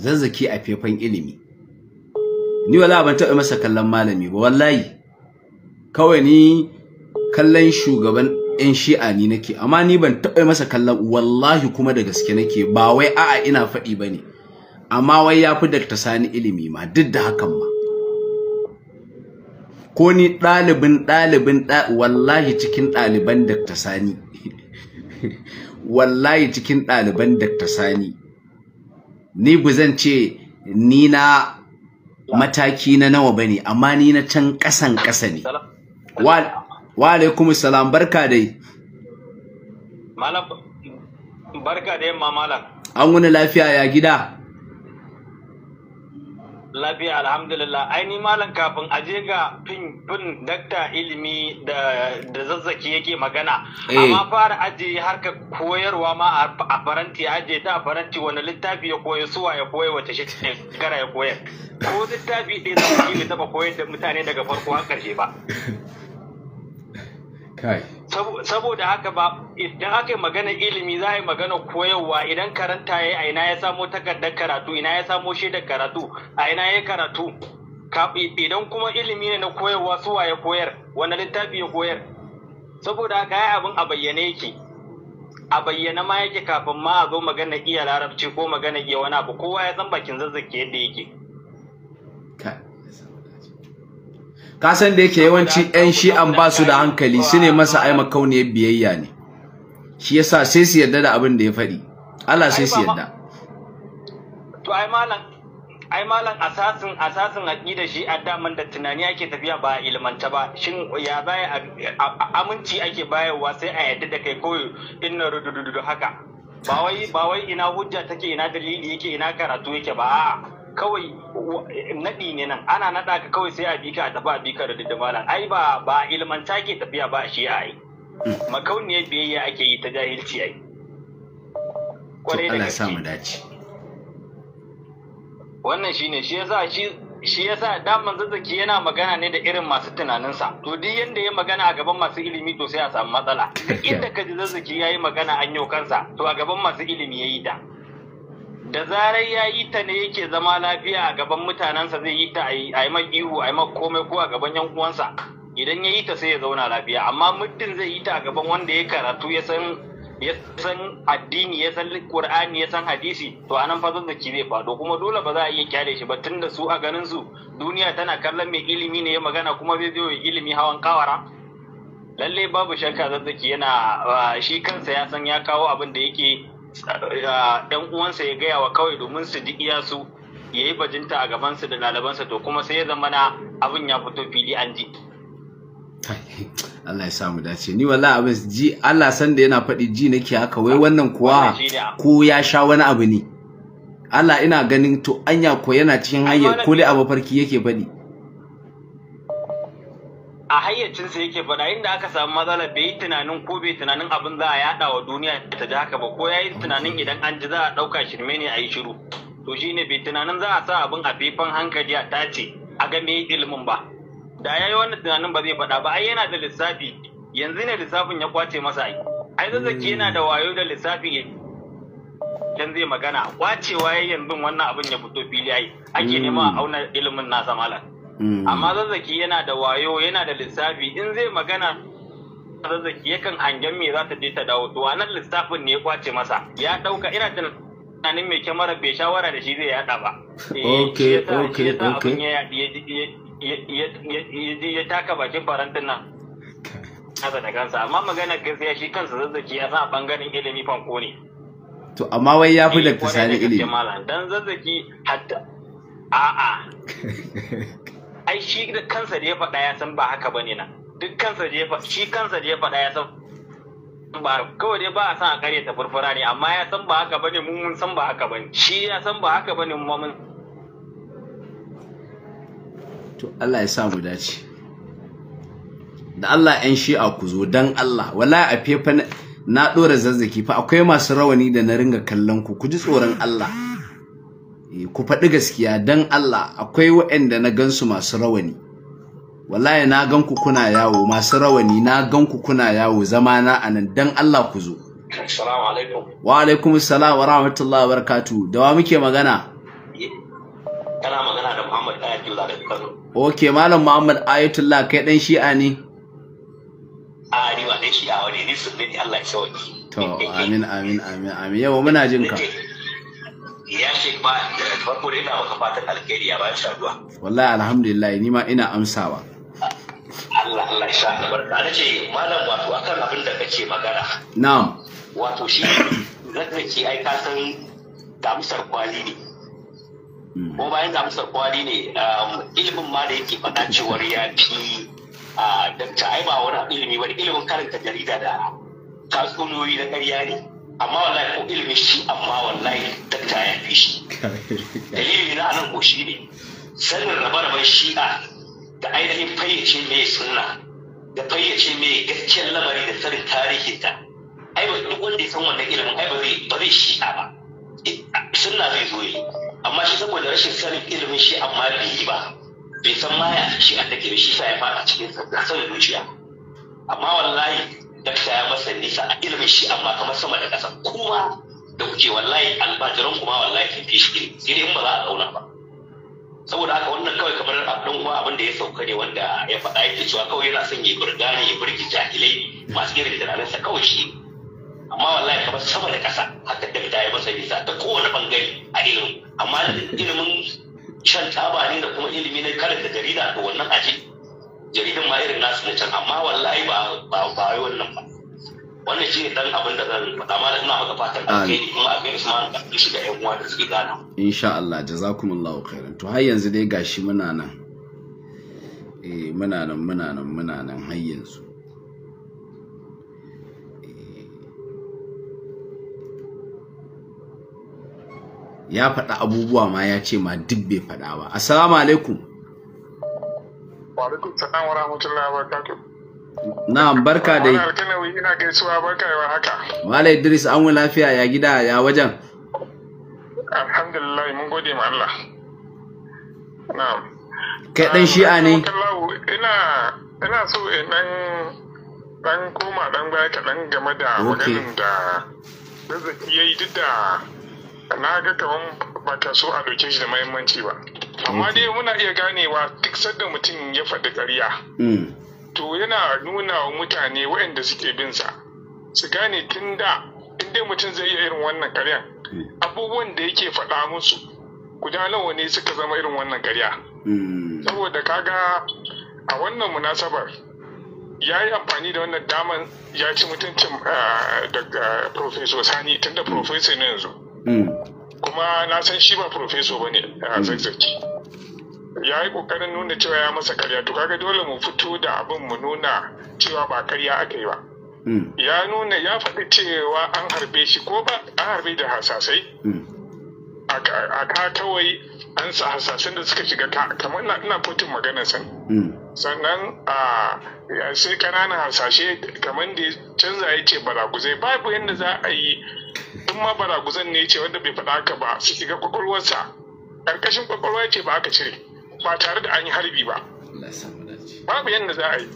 zazzaki a fefan ilimi ni wala ban taɓa masa kallon malami ba wallahi kawai ni kallon shugaban yan shi'a ni nake amma ni ban taɓa masa kallon wallahi kuma da gaske nake ba wai a'a ina faɗi ba ne amma wai ya fi dakta sani ilimi ma duk da hakan ma ko ni ɗalibin ɗalibin wallahi cikin ɗaliban dakta sani *laughs* wallahi cikin ɗaliban dakta sani ni ba zan ce ni na mataki na nawa bane amma ni na can ƙasan ƙasa ne wa alaikum salam barka dai malam barka dai ma malam an wani lafiya ya gida lafiya alhamdulillah aini malam kafin aje ga fin dakta ilimi da zazzaki yake magana eh. amma fara aje harka koyarwa ma a faranti aje ta a faranti wani littafi ya koya suwa ya koya wace gara ya koyar, ko littafi ɗaya zama ne taba koyar da mutane daga farko har ƙarshe ba kai saboda haka ba idan aka yi magana ilimi za a yi magana koyarwa idan karanta ya yi a ina ya samo takardar karatu ina ya samo shaidar karatu a ina ya karatu idan kuma ilimi ne na koyarwa su waye koyar wani littafi ya koyar saboda haka ya abin a bayyane yake a bayyana ma yake kafin ma a zo magana iya larabci ko magana iya wani abu kowa ya san bakin zazzake yadda yake ka san da yake yawanci yan shi'an ba su da hankali su ne masa ai makauniyar biyayya ne shi yasa sai su yarda da abin da ya faɗi Allah sai su yarda to ai malam ai malam asasin asasin aqida shi addaman da tunani ake tafiya ba ilmanta ba shin ya baya aminci ake bayarwa sai a yarda da kai ko inna rudududu haka ba wai ba wai ina hujja take ina dalili yake ina karatu yake ba a'a kawai naɗi ne nan ana naɗa ka kawai sai a bika a tafi a bika da da malam ai ba ba ilmanta ke tafiya ba a shi ai makauniyar biyayya ake yi ta jahilci ai kwarai da gaske dace wannan shine shi yasa shi shi yasa daman zazzaki yana magana ne da irin masu tunaninsa to duk yanda ya magana a gaban masu ilimi to sai a samu matsala *laughs* inda ka ji zazzaki yayi magana an yau kansa to a gaban masu ilimi yayi da. da zarar ya yi ta ne yake zama lafiya a gaban mutanensa zai yi ta a yi mai ihu a yi mai komai ko a gaban yan uwansa idan ya yi ta sai ya zauna lafiya amma muddin zai yi ta a gaban wanda ya karatu ya san ya san addini ya san qur'ani ya san hadisi to anan fa zazzaki zai fado kuma dole ba za a iya kyale shi ba tunda su a ganin su duniya tana kallon mai ilimi ne ya magana kuma zai zo ilimi hawan kawara lalle babu shakka zazzaki yana ah, shi kansa ya san ya kawo abin da yake dan uwansa ya gaya wa kawai domin su ji iya su ya yi bajinta a gabansa da ɗalibansa, to kuma sai ya zama na abin ya fito fili an ji Allah ya samu dace ni wala abin ji Allah san da yana faɗi ji nake haka wai wannan kuwa ko ya sha wani abu ne Allah ina ganin to anya ko yana cikin hanyar ko a mafarki yake faɗi a hayyacinsa yake faɗa inda aka samu matsala bai yi tunanin ko bai tunanin abin za a yaɗa wa duniya ta ji haka ba ko ya yi tunanin idan an ji za a ɗauka shirme ne a yi shiru to shi ne bai tunanin za a sa abin a faifan hankali a tace a ga me ilimin ba da ya yi wannan tunanin ba zai faɗa ba ai yana da lissafi yanzu ne lissafin ya kwace masa ai ai zazzaki yana da wayo da lissafi dan zai magana kwacewa yayin yanzu wannan abin ya fito fili ai ake nema a auna ilimin nasa malam Mm. amma zazzaki yana da wayo yana da lissafi in zai magana zazzaki yakan hangen me za ta je ta dawo to wannan lissafin ne ya kwace masa ya dauka ina tunanin mai kyamara bai shawara da shi zai yada ba okay eh, okay okay ya ya taka bakin farantin nan haka da kansa amma magana gaskiya shi kansa zazzaki ya sa bangaren ilimi fanko ne to amma wai ya fi eh, da ilimi dan zazzaki hatta a'a *laughs* ai shi da kansa da ya faɗa ya san ba haka bane na duk kansa da ya faɗa shi kansa da ya faɗa ya san ba kawai dai ba a san a kare ta furfura ne amma ya san ba haka bane ne mun san ba haka bane shi ya san ba haka bane ne. mun to Allah ya sa mu dace da Allah ƴan shi'a ku zo dan Allah wala a fefa na ɗora zazzaki fa akwai masu rawani da na ringa kallon ku ku ji tsoron Allah Eh, ku faɗi gaskiya don Allah akwai waɗanda na gansu masu rawani wallahi na gan ku kuna yawo masu rawani na gan ku kuna yawo zama na anan don Allah ku zo assalamu alaikum wa alaikum assalam wa rahmatullahi wa barakatuh da wa muke magana kana magana da Muhammad Ayatullah da Kano okay malam Muhammad Ayatullah kai dan shi'a ne a ni wa dan shi'a wani ni sunni Allah ya sauki to amin amin amin amin yawa muna jin ka *laughs* ya shek ba da farko da ina maka fatan alkhairi ya bayan shaduwa wallahi alhamdulillah ni ma ina amsawa Allah Allah sha albarka nace malam wato akan abin da kace magana na'am wato shi zaka ce ai ka san damsar kwali ne hmm. ko bayan damsar kwali ne um, ilimin ma da yake faɗa cewar ya fi dakta ai ba wani ilimi ba ilimin karanta jarida da tatsuniyoyi na ƙarya ne amma wallahi ko ilimi shi amma wallahi dakta ya fi shi dalili na anan ko shi ne sanin rabe-raben shi'a da ainihin fayyace mai sunna da fayyace mai gaskiyar lamari da sanin tarihinta ai ba duk wanda ya san wannan ilimin ai ba zai ba zai shi'a ba sunna zai zo yi amma shi saboda rashin sanin ilimin shi amma bai yi ba bai san ma ya shi'a take shi sa ya fara cikin sa da sanin zuciya amma wallahi dakta ya masa nisa a ilimin shi amma kamar sama da ƙasa kuma da kuke wallahi albajiran kuma wallahi kin fi shi sai dai in ba za a kauna ba saboda haka wannan kawai kamar dan kuma abin da ya sauka ne wanda ya faɗa yake cewa kawai yana son ya burgani ya burge jahilai masu irin sa kawai shi amma wallahi kamar sama da ƙasa haka da ta yi masa nisa ta kowane bangare a ilimin amma ilimin shan taba ne da kuma ilimi na karanta jarida to wannan aji jaridun ma irin nasu na can amma wallahi ba ba ba yi wannan ba wannan shine dan abin da zan faɗa ma da ina maka fatan alheri kuma a gaisu ma da shi da ƴan uwa da suke gana insha Allah jazakumullahu khairan to har yanzu dai gashi muna nan eh muna nan muna nan muna nan har yanzu eh. ya faɗa abubuwa ma ya ce ma duk bai faɗa ba assalamu alaikum Alaikum salam wa rahmatullahi wa Na'am barka dai. Wani ina gaisuwa barka yawa haka. Wala Idris an lafiya ya gida ya wajen. Alhamdulillah mun gode ma Allah. Na'am. Kai dan shi'a ne? Ina ina so in dan dan koma dan baya kaɗan game da maganin da zazzaki yi duk da na ga kaman ba ta so a doke shi da muhimmanci ba. amma dai muna iya ganewa duk sadda mutum ya faɗi ƙarya mm. to yana nuna wa mutane waɗanda suke bin sa su gane tun da in dai mutum zai iya irin wannan ƙaryan mm. abubuwan da yake faɗa musu guda nawa ne suka zama irin wannan ƙarya mm. saboda kaga a wannan munasabar ya yi amfani da wannan daman ya ci mutuncin ah, daga professor sani tunda da ne yanzu kuma na san shi ba professor ba ne a ah, zazzaki ya yi kokarin nuna cewa ya masa karya to kaga dole mu fito da abin mu nuna cewa ba karya aka yi ba hmm. ya nuna ya faɗi cewa an harbe shi ko ba an harbe da hasasai hmm. a ka kawai an sa hasasai da suka shiga kamar ina kotun magana san hmm. sannan a sai kananan hasashe kamar da canza ya ce baraguzai babu yadda za a yi in ma baraguzan ne ce wanda bai faɗa haka ba su shiga kwakwalwarsa ƙarƙashin kwakwalwa ce ba aka cire ba tare da an yi harbi ba babu yadda za a yi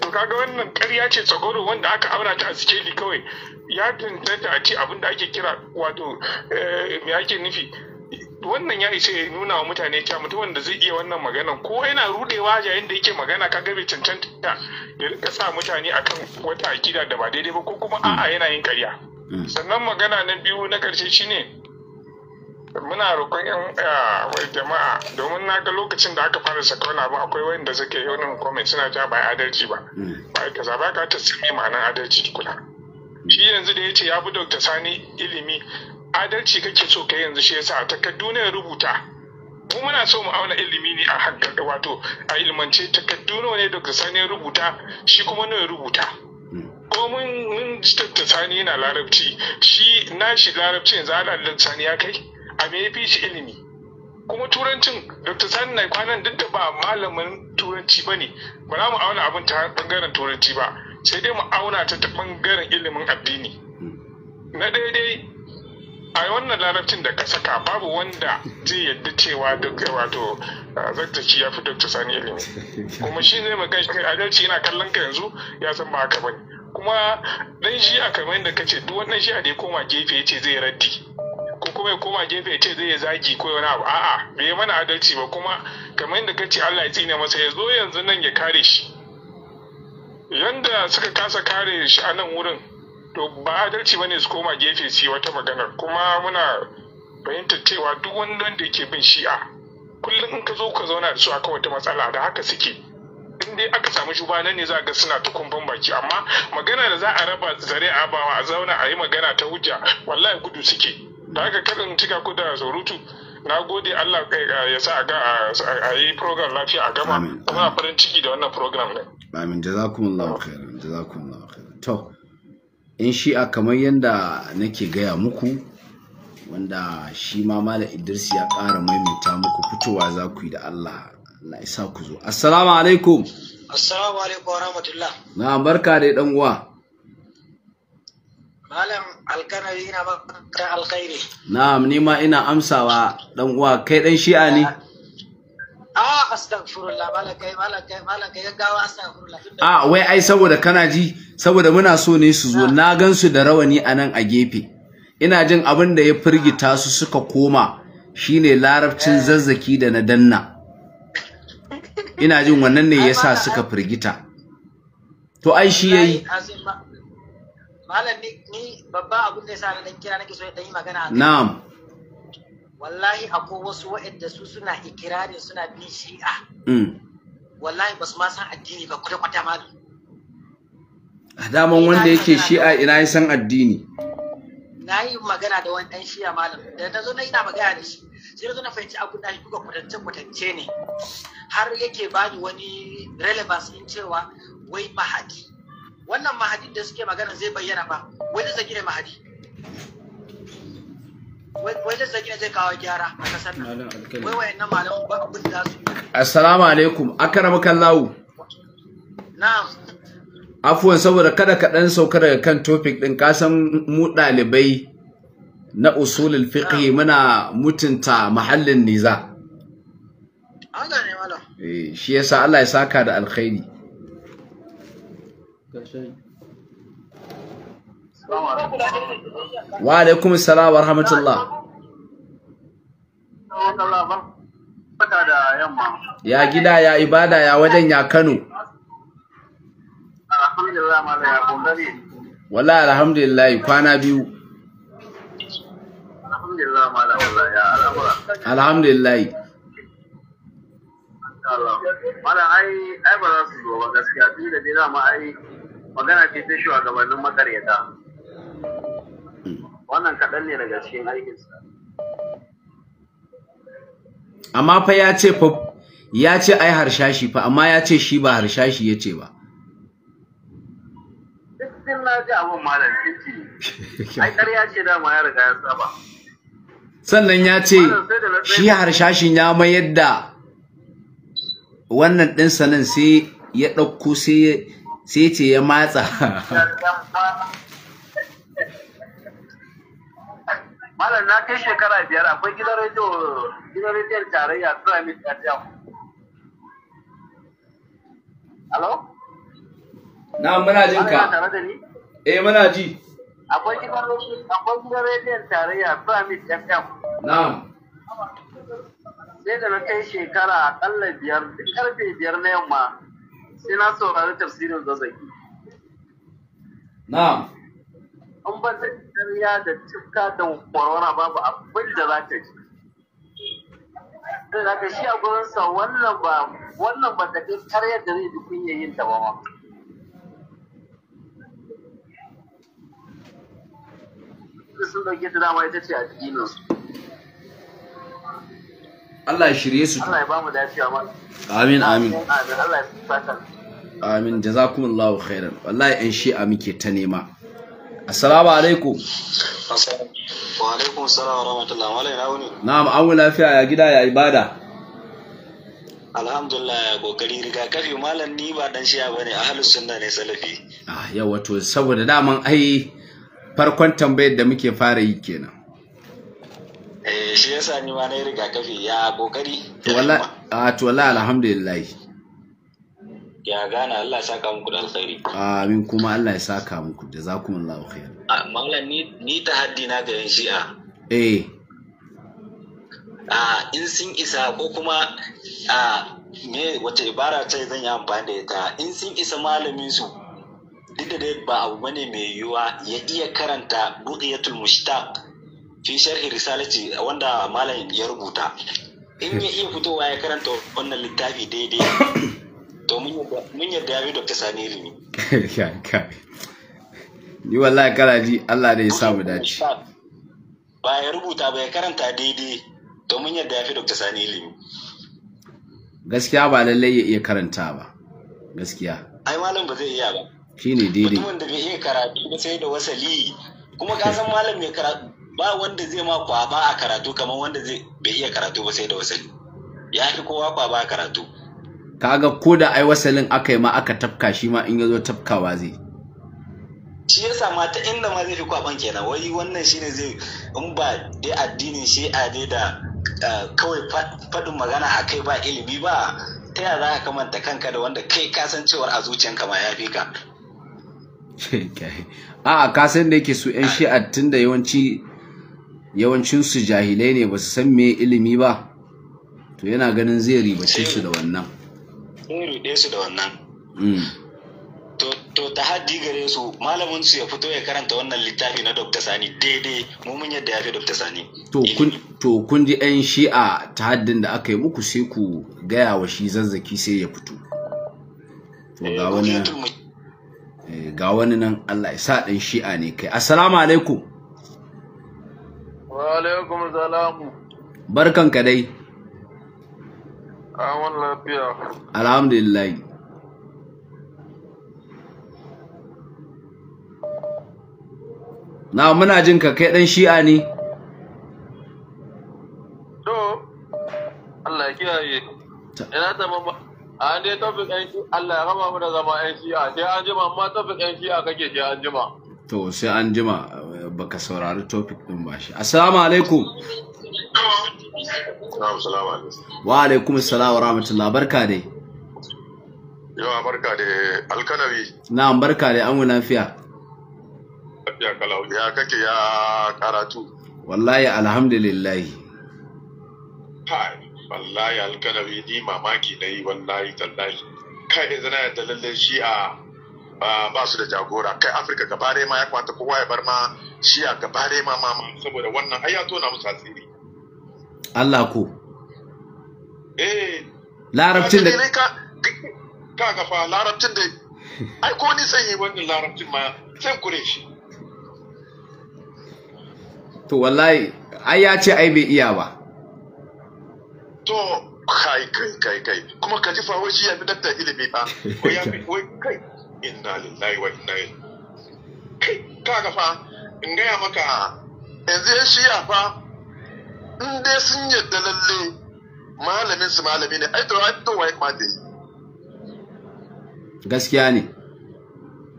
to kaga wannan ƙarya ce tsagoro wanda aka aura ta a sikeli kawai ya tuntunta a ce abin da ake kira wato eh, me ake nufi wannan ya isa ya nuna wa mutane cewa mutum wanda zai iya wannan maganan ko yana rudewa yayin da yake magana ka bai cancanta ya rika sa mutane akan wata akida da ba daidai ba ko kuma a'a yana yin karya mm. sannan magana na biyu na karshe shine muna roƙon yan ah, jama'a domin na ga lokacin da aka fara saka wani abu akwai wanda suke yawan comment suna ja ba adalci ba hmm. ba ka ba ka ta sami ma'anar adalci kula. Hmm. shi yanzu da ya ce ya bi Dr. Sani ilimi adalci kake so ka yanzu shi yasa takardu ne rubuta mu muna so mu auna ilimi ne a hankali wato a ilmance takardu nawa ne Dr. Sani ya rubuta shi kuma ne rubuta hmm. ko mun Dr. Sani yana larabci shi nashi larabci yanzu adalin Sani ya kai a me ya fi shi ilimi kuma turancin dr sani na kwanan duk da ba malamin turanci ba ne ba za mu auna abin ta bangaren turanci ba sai dai mu auna ta ta bangaren ilimin addini na daidai a wannan larabcin da ka saka babu wanda zai yadda cewa duk wato ci ya fi dr sani ilimi kuma shi zai maka shi adalci yana kallon ka yanzu ya san ba haka bane kuma dan shi a kamar yadda ce, duk wannan shi a da ya koma gefe ya ce zai raddi sannan kuma ya koma gefe ce zai zagi ko wani abu a'a bai yi mana adalci ba kuma kamar yadda kace Allah ya tsine masa ya zo yanzu nan ya kare shi yanda suka kasa kare shi a nan wurin to ba adalci bane su koma gefe su yi wata magana kuma muna fahimtar cewa duk wani da yake bin shi'a kullum in ka zo ka zauna da su akan wata matsala da haka suke in dai aka samu shuba nan ne za ga suna ta kumfan baki amma magana da za a raba zare a a zauna a yi magana ta hujja wallahi gudu suke da haka karin cika ku da surutu na gode Allah eh, ya sa a a yi program lafiya a gama kuma farin ciki da wannan program ne amin jazakumullahu khairan jazakumullahu khairan to in a kamar yadda nake gaya muku wanda shi ma mala idris ya ƙara maimaita muku fitowa za ku yi da allah na isa ku zo assalamu alaikum assalamu alaikum wa rahmatullah na barka dai dan uwa Malam alkanari na maka alkhairi. Na'am ni ma ina amsawa dan uwa kai dan shi'a ne? A astagfirullah malakai malakai malakai ya gawa kai gaggawa astagfirullah. A ah, wai ai saboda kana ji saboda muna so ne su zo ah. na gan su da rawani a nan a gefe. Ina jin abin da ya firgita su suka koma shine larabcin eh. zazzaki da na danna. Ina jin wannan ne yasa suka firgita. To ai shi yayi. malam ni babba abin da yasa na dan kira nake so dan yi magana na'am wallahi akwai wasu waɗanda su suna ikirarin suna bin shi'a mm. wallahi ba su ma san addini ba kwata kwata ma a daman wanda yake shi'a ina yi san addini na yi magana da wani ɗan shi'a malam da ta zo na ina magana da shi sai na zo na fahimci abin da shi duka kwatance kwatance ne har yake bani wani relevance in cewa wai mahadi wannan mahadi da suke magana zai bayyana ba wai da zagi ne mahadi wai da zagi ne zai kawo gyara a kasar nan wai wayannan malamu ba abin da su assalamu alaikum akramu kallahu na'am afuwan saboda kada ka dan sauka daga kan topic din kasan mu dalibai na usulul fiqh muna mutunta mahallin niza haka ne malam eh shi yasa Allah ya saka da alkhairi wa alaikum salam wa rahmatullah ya gida ya ibada ya wajen ya kano wala alhamdulillah kwana biyu alhamdulillah mala ai ai ba za su zo ba gaskiya tun da dai za ai magana ce ta gabanin makaryata hmm. wannan kaɗan ne daga cikin aikinsa amma fa ya ce fa ya ce ai harshashi fa amma ya ce shi ba harshashi ya ce ba na ji abin malam cinci ai ya ce dama ya riga ya saba sannan ya ce shi harshashin ya mayar da wannan ɗinsa nan sai ya ɗauko sai sai ce ya matsa malam na kai shekara biyar akwai gidan rediyo gidan rediyon tarayya suna mai tsariya alo na muna jin ka eh muna ji akwai gidan akwai gidan rediyon tarayya suna mai fm Na. sai da na kai shekara akalla biyar karfe biyar na yamma sai na saurari tafsirin zazzaki na'am an ban da ƙarya da cifka da warwara babu abin da za ta ji da daga shi a gurinsa wannan ba wannan ba da ƙarya da zai ji kunya yin ta ba ma sun ta dama ita ce a jikinsu Allah ya shirye su Allah ya ba mu lafiya ba amin amin Allah ya fata amin jazakumullahu khairan wallahi yan shi'a muke ta nema assalamu alaikum wa alaikum assalam wa rahmatullahi wa barakatuh na'am an wula lafiya ya gida ya ibada alhamdulillah ya kokari rigakafi malam ni ba dan shiya bane ahlus sunna ne salafi ah yawa to saboda daman ai farkon tambayar da muke fara yi kenan eh shi yasa ni ma na yi rigakafi ya kokari to wallahi a to wallahi alhamdulillah ya gana Allah ya saka muku da alkhairi amin kuma Allah ya saka muku da jazakumullahu khair mallan ni ni tahaddi na ga yan shi'a eh a in sun isa ko kuma a me wace ibara ce zan yi amfani da ita in sun isa malamin su duk da dai ba abu bane mai yiwuwa ya iya karanta buqiyatul mushtaq fi sharhi risalati wanda malam ya rubuta in ya iya fitowa ya karanta wannan littafi daidai to mun yadda ya bi dr Sani ne *laughs* ni wallahi kana ji Allah ne ya sa mu dace ba ya rubuta ba ya karanta daidai to mun yadda ya fi dr saniri ilimi gaskiya ba lallai ya iya karanta ba gaskiya ai malam ba zai iya ba shine daidai mutumin da bai iya karatu ba sai da wasali kuma ka san malam mai karatu ba wanda zai ma kwaba a karatu kamar wanda zai bai iya karatu ba sai da wasali ya fi kowa kwaba a karatu kaga ko da ai wasalin aka yi ma aka tafka shi ma in ya zo tafkawa zai shi yasa ma ta inda ma zai fi kwaban kenan wai wannan shine zai in ba dai addinin a dai da eh, kawai faɗin magana a kai ba ilimi ba ta yaya za ka kamanta kanka da wanda kai kasancewar a zuciyanka ma ya fi ka *laughs* a'a ka san da yake su yan shi'a tun da yawanci yawancinsu jahilai ne ba su san me ilimi ba to yana ganin zai ribace su da wannan su da wannan mm. to ta haddi gare su malamin su ya fito ya karanta wannan littafi na Dr. Sani daidai mumun yadda ya fi Dr. Sani to kun ji ɗan shi'a ta haddin da aka yi muku sai ku gaya wa shi zazzaki sai ya fito to ga eh, wani eh, ga wani nan Allah ya sa ɗan shi'a ne kai assalamu alaikum Wa salamu. Barkan ka dai. Awon lafiya. Alhamdulillah. Na muna jin ka kai dan shi'a ne? To, Allah ya kiyaye. Ina ta mamma. A an dai tafi ɗan shi Allah ya kama mu da zama ɗan shi'a sai an jima amma tafi ɗan shi'a kake sai an jima. To sai an jima baka saurari topic din ba shi assalamu alaikum wa alaikum assalam wa rahmatullah barka dai yawa barka dai alkanabi na'am barka dai an lafiya ya kalau ya kake ya karatu wallahi alhamdulillah kai wallahi alkanabi ni mamaki nayi wallahi tallahi kai yanzu na yadda lalle shi a ba su da jagora kai afirka gaba ma ya kwata kowa ya bar ma shiya gaba ma mama saboda wannan ai ya tona musu asiri Allah ko eh larabcin da ka ga fa larabcin da *laughs* ai ko ni sanye wannan larabcin ma sai kure shi to wallahi ai ya ce ai bai iya ba to kai kai kai kai kuma ka ji fa wai shi ya bi daktar ilimi ba ko *laughs* ya bi kai inna lillahi wa inna ilaihi kai kaga fa in gaya maka yanzu ya shiya fa in dai sun yadda lalle malamin su malami ne ai to ai to wai ma dai gaskiya ne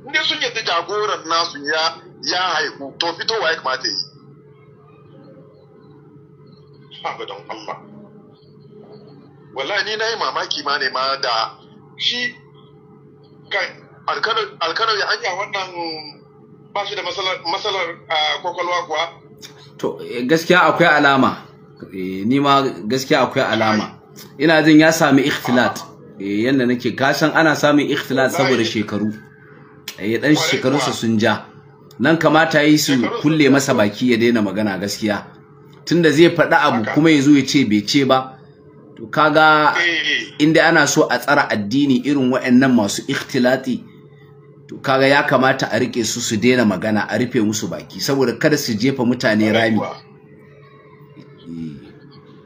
in dai sun yadda jagoran nasu ya ya haihu to fito wai ma dai don Allah wallahi ni na yi mamaki ma ne ma da shi kai alkanar ya hanya wannan ba shi da matsalar kwakwalwa kuwa? Eh, gaskiya akwai alama, eh, ni gaskiya akwai alama. Ina jin ya sami ikhtilat, eh, yadda nake kasan ana samun ikhtilat saboda shekaru. Ya ɗan shekarunsa sun ja. Nan kamata yi su kulle masa baki ya daina magana gaskiya. Tunda zai faɗi abu kuma ya zo ya ce bai ce ba, to kaga inda ana so a tsara addini irin waɗannan masu ikhtilati to kaga ya kamata a rike su su daina magana a rufe musu baki saboda kada su jefa mutane rami eh.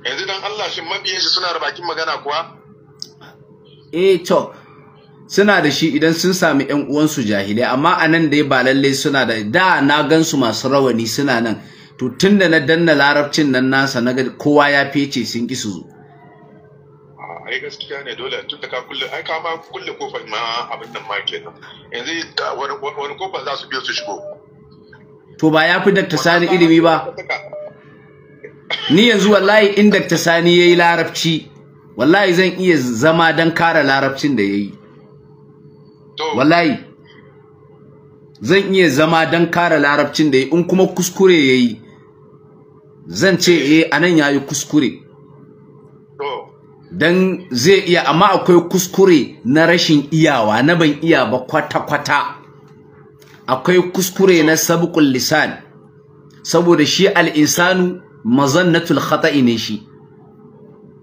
yanzu don Allah shin mabiyan shi suna da magana kuwa eh to suna da shi idan sun sami yan uwansu jahilai amma anan nan dai ba lallai suna da da na gansu masu rawani suna nan to tunda na danna larabcin nan nasa naga kowa ya fece sun ki su ai gaskiya ne dole tun da ka kulle ai ka ma kulle kofar ma abin nan ma kenan yanzu wani kofar za su biyo su shigo to ba ya fi Dr. Sani ilimi ba ni yanzu wallahi in Dr. Sani yayi larabci wallahi zan iya zama dan kare larabcin da yayi wallahi zan iya zama dan kare larabcin da yayi in kuma kuskure yayi zan ce eh anan yayi kuskure dan zai iya amma akwai kuskure na rashin iyawa na ban iya ba kwata-kwata akwai kuskure na sabqul lisan saboda shi al-insanu mazannatul khata'i ne shi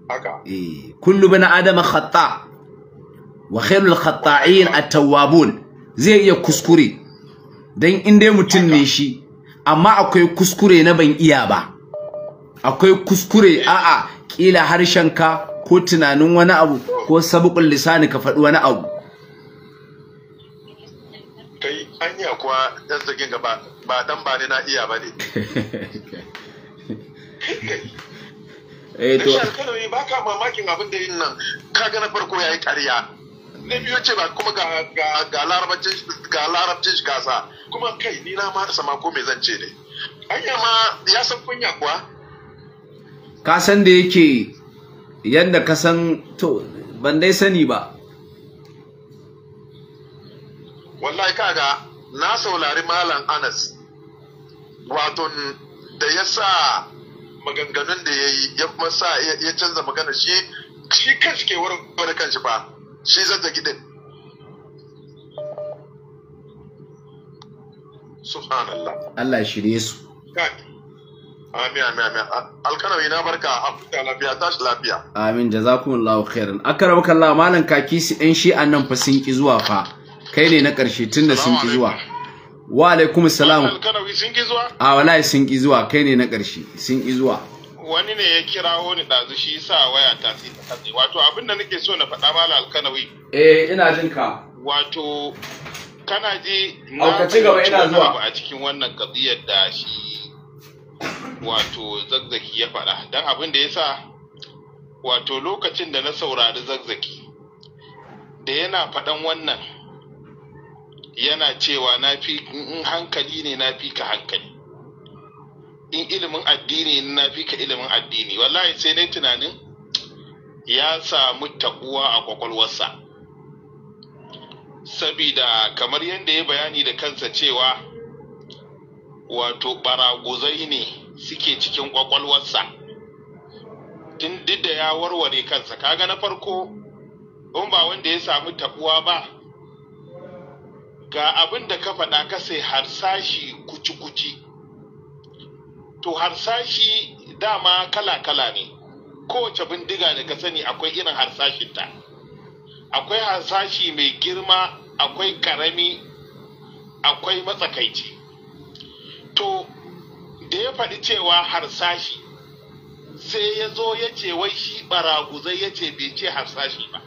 haka eh kullu bani adama khata wa khairul khata'in at-tawwabun zai iya kuskure dan inda mutum ne shi amma akwai kuskure na ban iya ba akwai kuskure a'a kila ka. ko tunanin wani abu ko sabukun lisani ka faɗi wani abu kai anya kuwa ɗan zagin gaba ba dan ba ne na iya ba ne *laughs* eh to ne ba ka mamakin abin da yin nan ka ga na farko yayi ƙarya ne biyo ce ba kuma ga ga ga larabcin ga larabcin gasa kuma kai ni na ma sama ko me zan ce ne anya ma ya san kunya kuwa ka san da yake yadda ka san to ban dai sani ba wallahi kaga na saurari malam anas wato da ya sa maganganun da ya yi ya kuma sa ya canza magana shi shi shi ke kan shi ba shi zazzagi gidan subhanallah Allah shirye su Amin amin amin. Alkanawi na barka a lafiya tashi lafiya. Amin jazakumullahu khairan. Akram kallah malam kaki su shi a nan fa sun ki zuwa fa. Kai ne na ƙarshe tun da sun ki zuwa. Wa alaikum salam. Alkanawi sun ki zuwa? A wallahi sun ki zuwa kai ne na ƙarshe sun ki zuwa. Wani ne ya kirawo ni ɗazu shi sa waya ta sai ta katse. Wato abin da nake so na faɗa mala alkanawi. Eh ina jin ka. Wato kana ji na ci gaba ina zuwa a cikin wannan kadiyar da shi wato zagzaki ya faɗa don abin da ya sa wato lokacin da na saurari zagzaki da yana faɗan wannan yana cewa na fi in hankali ne na fi ka hankali in ilimin addini na fi ka ilimin addini wallahi sai dai tunanin ya samu taɓuwa a kwakwalwarsa sabida kamar yadda ya bayani da kansa cewa wato ɓaraguzai ne suke cikin kwakwalwarsa tun duk da ya warware kansa kaga na farko in ba wanda ya samu tabuwa ba ga abin da ka faɗa ka sai harsashi kuci-kuci to harsashi dama kala-kala ne kowace bindiga da ka sani akwai irin harsashinta akwai harsashi mai girma akwai ƙarami, akwai matsakaici to da ya faɗi cewa harsashi sai ya zo ya ce wai shi baraguzai ya ce bai ce harsashi ba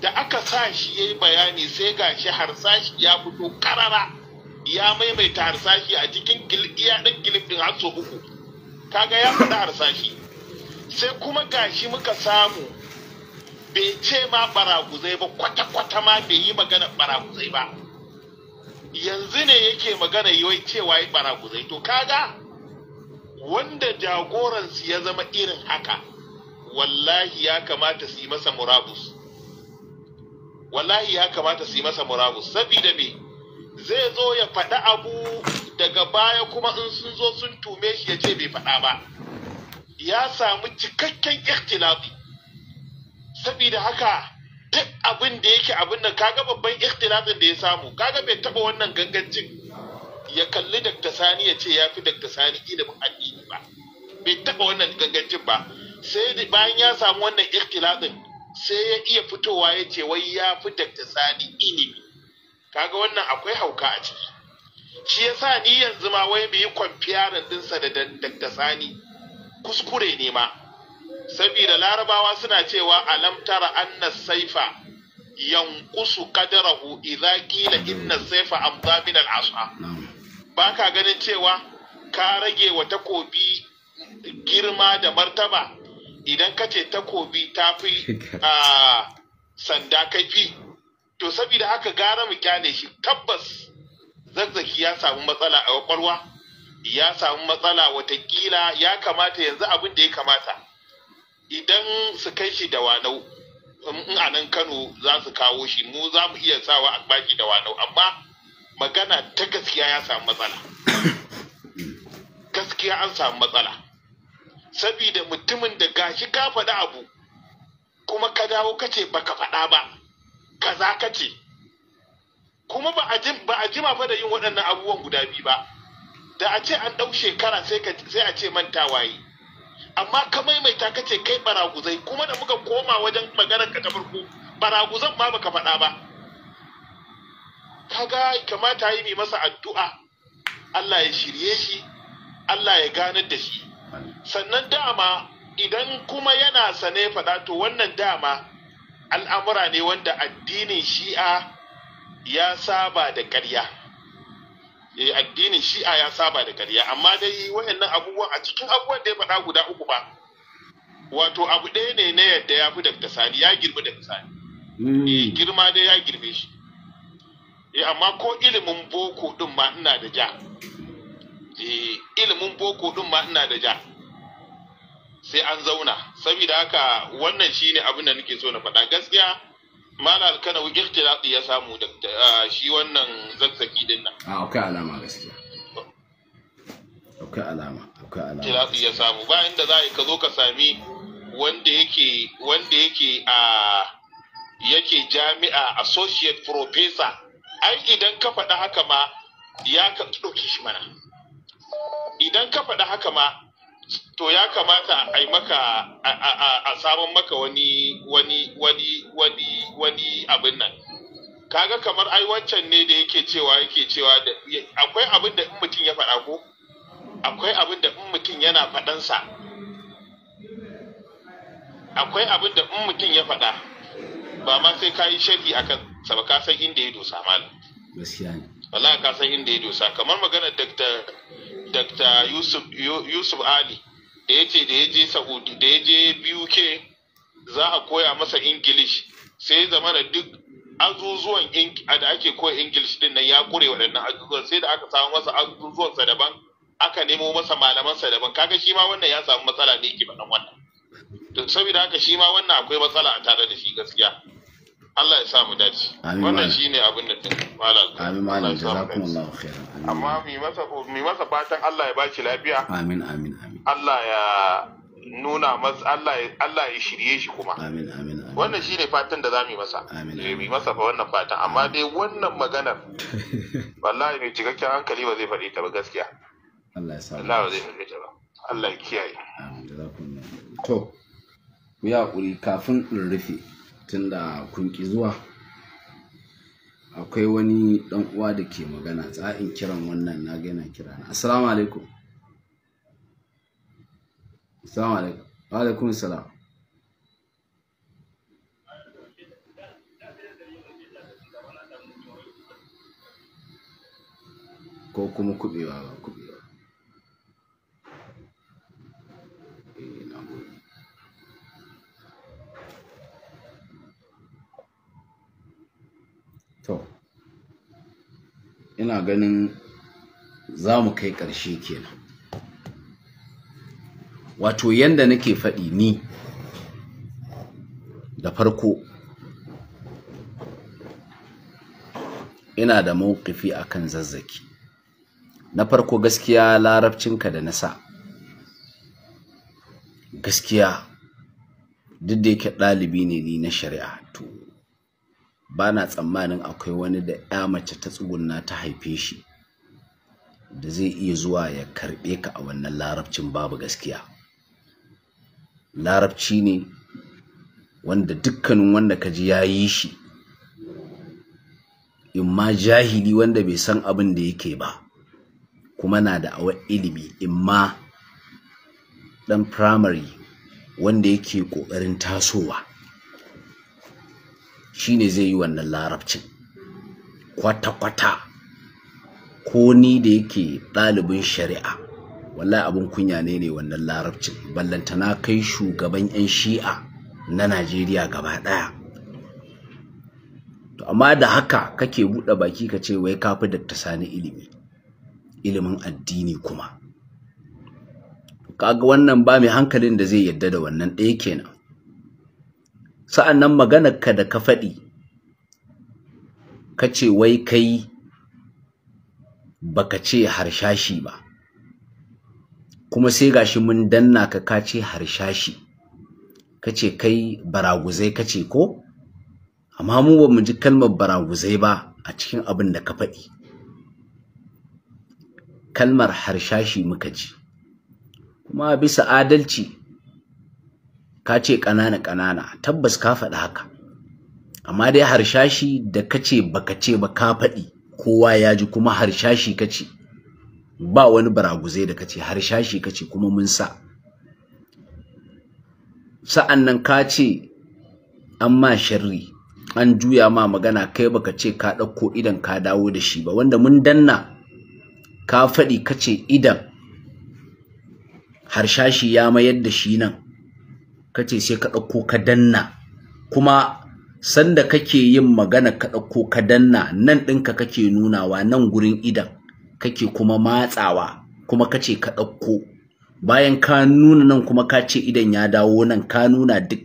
da aka sa shi ya yi bayani sai ga shi harsashi ya fito karara ya maimaita harsashi a cikin gilɗiya ɗin gilifin har uku kaga ya faɗi harsashi sai kuma gashi muka samu bai ce ma baraguzai ba kwata-kwata ma bai yi magana baraguzai ba yanzu ne yake magana yi cewa yi baraguzai to kaga wanda jagoransu ya zama irin haka wallahi ya kamata su yi masa murabus wallahi ya kamata su yi masa murabus me zai zo ya faɗi abu daga baya kuma in sun zo sun tume shi ya ce bai faɗa ba ya samu cikakken ikhtilafi sabida haka duk abin da yake abin nan kaga babban ikhtilafin da ya samu kaga bai taba wannan gangancin ya kalli Dr. Sani ya ce ya fi Dr. Sani ilimin addini ba bai taba wannan gangancin ba sai da bayan ya samu wannan ikhtilafin sai ya iya fitowa ya ce wai ya fi Dr. Sani ilimi kaga wannan akwai hauka a ciki shi yasa ni yanzu ma wai mu yi kwamfiyarin dinsa da Dr. Sani kuskure ne ma saboda larabawa suna cewa alam tara anna saifa yanqusu qadarahu idza qila inna saifa amza min al-asa ba ka ganin cewa ka rage wa takobi girma da martaba idan ka ce takobi ta fi *laughs* a sanda kaifi to saboda haka gara mu kyale shi tabbas zazzaki ya samu matsala a kwakwalwa ya samu matsala watakila ya kamata yanzu abin da ya kamata idan su kai shi da wanau in a nan kano za su kawo shi mu za mu iya sawa a baki da wanau amma magana ta gaskiya ya samu matsala gaskiya an samu matsala sabida mutumin da gashi ka faɗi abu kuma ka dawo ka ce baka faɗa ba kaza ka ce kuma ba a jima fa da yin waɗannan abubuwan guda biyu ba da a ce an ɗau shekara sai a ce manta waye. amma ka maimaita ka ce kai baraguzai kuma da muka koma wajen maganar ka ta farko baraguzan ma baka faɗa ba kaga kamata yi mai masa addu'a Allah ya shirye shi Allah ya ganar da shi sannan dama idan kuma yana sane faɗa to wannan dama al'amura ne wanda addinin shi'a ya saba da ƙarya. Eh, addinin shi'a ya saba da ƙarya amma dai wayannan abubuwan a cikin abubuwan da ya faɗa guda uku ba wato abu ɗaya ne na yadda ya fi Dr. Sani ya girma daga Sani hmm. eh, girma dai ya girbe shi eh amma ko ilimin boko ɗin ma ina da ja e ilimin boko din ma ina da ja sai an zauna saboda haka wannan shine abin da nake so na faɗa gaskiya mana alkana wigir tilaɗi ya samu da ah, shi wannan zazzaki din nan a ah, akwai alama gaskiya akwai alama akwai alama tilaɗi ya samu bayan da za a yi ka zo ka sami wanda yake wanda yake a ah, yake jami'a associate professor ai idan ka faɗa haka ma ya ka ɗauki shi mana idan ka faɗa haka ma to ya kamata a yi maka a sabon maka wani wani wani wani wani abin nan kaga kamar ai wancan ne da yake cewa yake cewa da akwai abin da mutum ya faɗa ko akwai abin da mutum yana faɗansa akwai abin da mutum ya faɗa ba ma sai ka yi shafi akan kan saba ka san inda ya dosa malam gaskiya wallahi ka san inda ya dosa kamar maganar Dr. Dr. Yusuf, Yusuf Ali da ya ce da ya je Saudi da ya je BUK za a koya masa English sai zama da duk azuzuwan da ake koya English din nan ya kure waɗannan azuzuwan sai da aka samu masa azuzuwan sa daban aka nemo masa malamansa daban kaga shi ma wannan ya samu matsala ne ke faɗan wannan to saboda haka shi ma wannan akwai matsala a tare da shi gaskiya Allah ya samu dace wannan shine abin da tun malam amin malam jazakumullahu khairan amma mi masa mi masa fatan Allah ya bashi lafiya amin amin amin Allah ya nuna masa Allah ya Allah ya shirye shi kuma amin amin amin wannan shine fatan da zamu yi masa amin eh, mi masa fa wannan fatan amma dai wannan maganar *laughs* wallahi mai cikakken hankali ba zai faɗi ta ba gaskiya Allah ya samu Allah zai faɗi ta ba Allah ya kiyaye amin jazakumullahu to ku yi hakuri kafin in rufe tunda kun ƙi zuwa akwai wani ɗan uwa da ke magana tsa'in kiran wannan na ga kira na assalamu alaikum assalamu alaikum wa alaikum salam ko kuma kubewa ba kubewa To, ina ganin za mu kai ƙarshe kenan. Wato yanda nake faɗi ni da farko ina da mawukifi akan zazzaki. Na farko gaskiya larabcinka da nasa sa. Gaskiya duk da yake ɗalibi ne ni na shari'a to ba na tsammanin akwai wani da ya mace ta tsugunna ta haife shi da zai iya zuwa ya karɓe ka a wannan larabcin babu gaskiya larabci ne wanda dukkanin wanda ka ji ya yi shi in ma jahili wanda bai san abin da yake ba kuma na da awa ilimi in ma ɗan firamare wanda yake ƙoƙarin tasowa shine zai yi wannan larabcin kwata-kwata ko ni da yake ɗalibin shari'a wallahi abin kunya ne ne wannan larabcin ballantana kai shugaban 'yan shi'a na najeriya gaba ɗaya to amma da haka kake buɗe baki ka ce wai kafi dakta sani ilimi ilimin addini kuma kaga wannan ba mai hankalin da zai yadda da wannan ɗaya kenan sa'annan maganar ka da ka faɗi ka ce wai kai baka ce harshashi ba kuma sai gashi mun danna ka ka ce harshashi ka ce kai baraguzai ka ce ko amma mu ba mu ji kalmar baraguzai ba a cikin abin da ka faɗi kalmar harshashi muka ji kuma bisa adalci ka ce ƙanana ƙanana tabbas ka faɗi haka amma dai harshashi da ka ce baka ce ba ka faɗi kowa ya ji kuma harshashi ka ce ba wani baraguzai da ka ce harshashi ka ce kuma mun sa sa'an nan ka ce an ma sharri an juya ma magana kai baka ce ka ɗauko idan ka dawo da shi ba wanda mun danna ka faɗi ka ce idan harshashi ya mayar da shi nan kace sai ka ɗauko ka danna kuma sanda kake yin magana ka ɗauko ka danna nan ɗinka kake nunawa nan gurin idan kake kuma matsawa kuma kace ka ɗauko bayan ka nuna nan kuma ka ce idan ya dawo nan ka nuna duk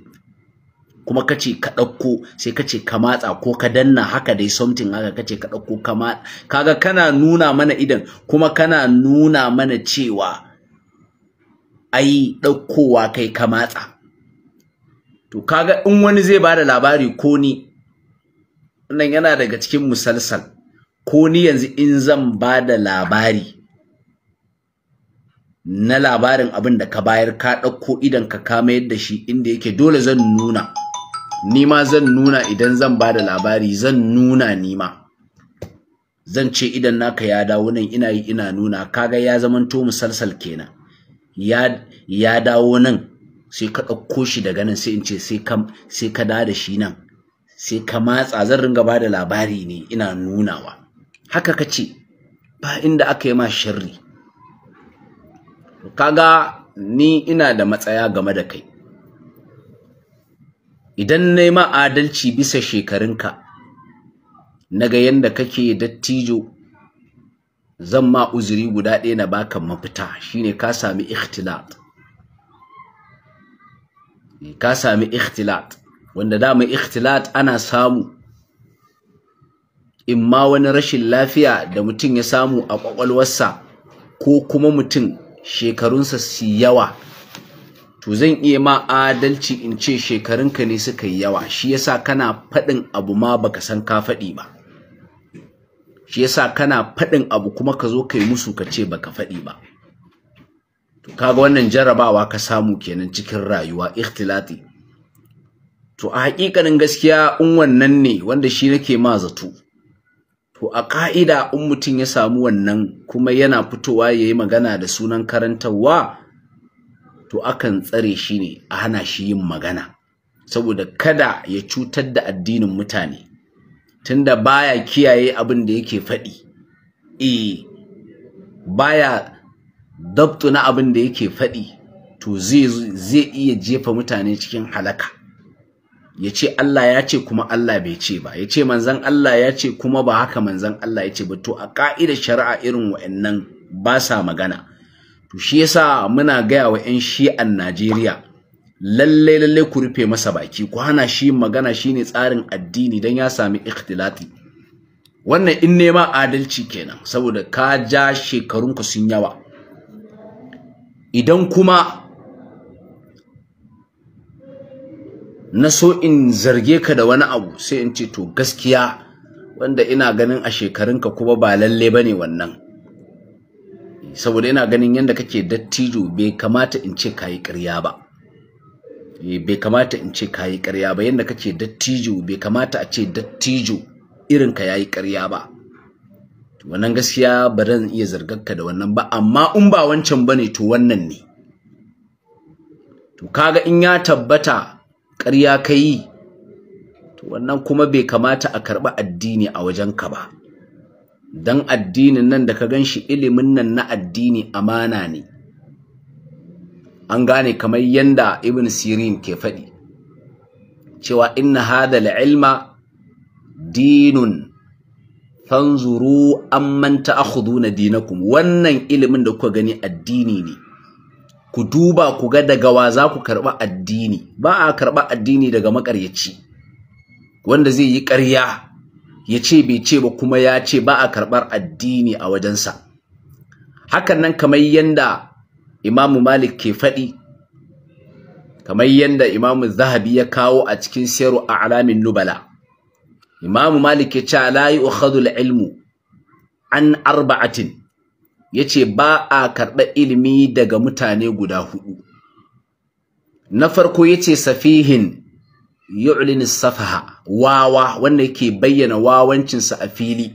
kuma kace ka ɗauko sai kace ka matsa ko ka danna haka dai something haka kace ka ɗauko ka matsa kaga kana nuna mana idan kuma kana nuna mana cewa ai ɗaukowa kai ka matsa to kaga in wani zai bada labari ko ni wannan yana daga cikin musalsal ko ni yanzu in zan bada labari na labarin abin da ka bayar ka ɗauko idan ka kama yadda shi inda yake dole zan nuna ni ma zan nuna idan zan bada labari zan nuna ni ma zan ce idan naka ya dawo nan ina yi ina nuna kaga ya zamanto musalsal kenan ya ya dawo nan sai ka ɗauko shi daga nan sai in ce sai ka da da shi nan sai ka matsa zan ringa ba da labari ne ina nunawa haka ka ce ba inda aka yi ma sharri kaga ni ina da matsaya game da kai idan na yi ma adalci bisa shekarunka na ga yadda kake dattijo zan ma uzuri guda ɗaya na baka mafita shine ka sami ikhtilat ka sami ikhtilat wanda da mai ikhtilat ana samu in ma wani rashin lafiya da mutum ya samu a kwakwalwarsa ko kuma mutum shekarunsa su yawa to zan iya ma adalci in ce shekarunka ne suka yi yawa shi yasa kana faɗin abu ma baka san ka faɗi ba shi yasa kana faɗin abu kuma ka zo kai musu ka ce baka faɗi ba to kaga wannan jarrabawa ka samu kenan cikin rayuwa ikhtilati to a hakikanin gaskiya in wannan ne wanda shi nake ma zato to a ka'ida in mutum ya samu wannan kuma yana fitowa yayi magana da sunan karantarwa to akan tsare shi ne a hana shi yin magana saboda kada ya cutar da addinin mutane tunda baya kiyaye abin da yake faɗi eh baya dabtu na abin da yake faɗi to zai iya jefa mutane cikin halaka ya ce Allah ya ce kuma Allah bai ce ba ya ce manzan Allah ya ce kuma ba haka manzan Allah ya ce ba to a ƙa'idar shari'a irin wa'annan ba sa magana to shi yasa muna gaya wa 'yan shi'an Najeriya lalle lalle ku rufe masa baki ku hana shi magana shine tsarin addini dan ya sami ikhtilati wannan in nema adalci kenan saboda ka ja shekarunku sun yawa idan kuma na so in zarge ka da wani abu sai in ce to gaskiya wanda ina ganin a shekarunka kuma ba lalle bane wannan saboda ina ganin yadda kake dattijo bai kamata in ce kayi ƙarya ba eh, bai kamata in ce kayi ƙarya ba yadda kake dattijo bai kamata a ce dattijo irinka yayi ƙarya ba wannan gaskiya ba zan iya zargarka da wannan ba amma in ba wancan bane to wannan ne to kaga in ya tabbata ƙarya kai to wannan kuma bai kamata a karɓi addini a wajenka ba dan addinin nan da ka ganshi ilimin nan na addini amana ne an gane kamar yanda ibn sirin ke faɗi cewa inna hadha ilma dinun fanzuru amman ta'khuduna dinakum wannan ilimin da kuka gani addini ne ku duba ku ga daga wa za ku karba addini ba a karba addini daga makaryaci wanda zai yi ƙarya ya ce bai ce ba kuma ya ce ba a karɓar addini a wajensa hakan nan kamar yanda imamu malik ke faɗi kamar yanda imamu zahabi ya kawo a cikin siyaru a alamin nubala imamu malik ya ce la yu'khadhu al-ilmu an arba'atin yace ba a karɓa ilimi daga mutane guda huɗu. na farko yace safihin yu'lin safaha wawa wanda yake bayyana wawancinsa a fili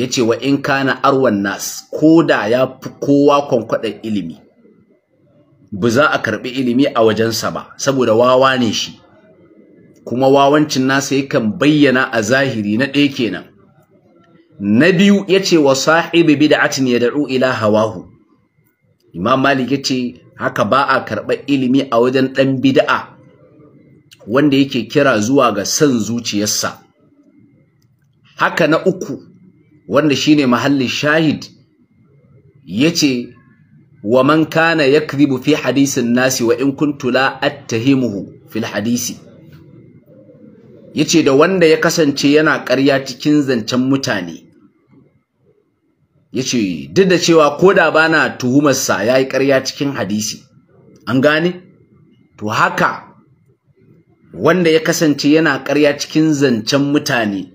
yace wa in kana arwan nas koda ya fi kowa kwankwadan ilimi ba za a karɓi ilimi a wajensa ba saboda wawa ne shi kuma wawancin nasa yakan bayyana a zahiri na ɗaya kenan na biyu ya yace wa sahibi bid'atin da'u ila hawahu imam malik ya ce haka ba a karɓar ilimi a wajen ɗan bid'a wanda yake kira zuwa ga son zuciyarsa haka na uku wanda shine mahallin shahid ya ce wa man kana yakdhibu fi hadisin nasi wa in kuntu la attahimuhu fil hadisi yace da wanda ya kasance yana ƙarya cikin zancen mutane yace duk da cewa koda bana tuhumarsa sa yayi karya cikin hadisi an gane to haka wanda ya kasance yana karya cikin zancen mutane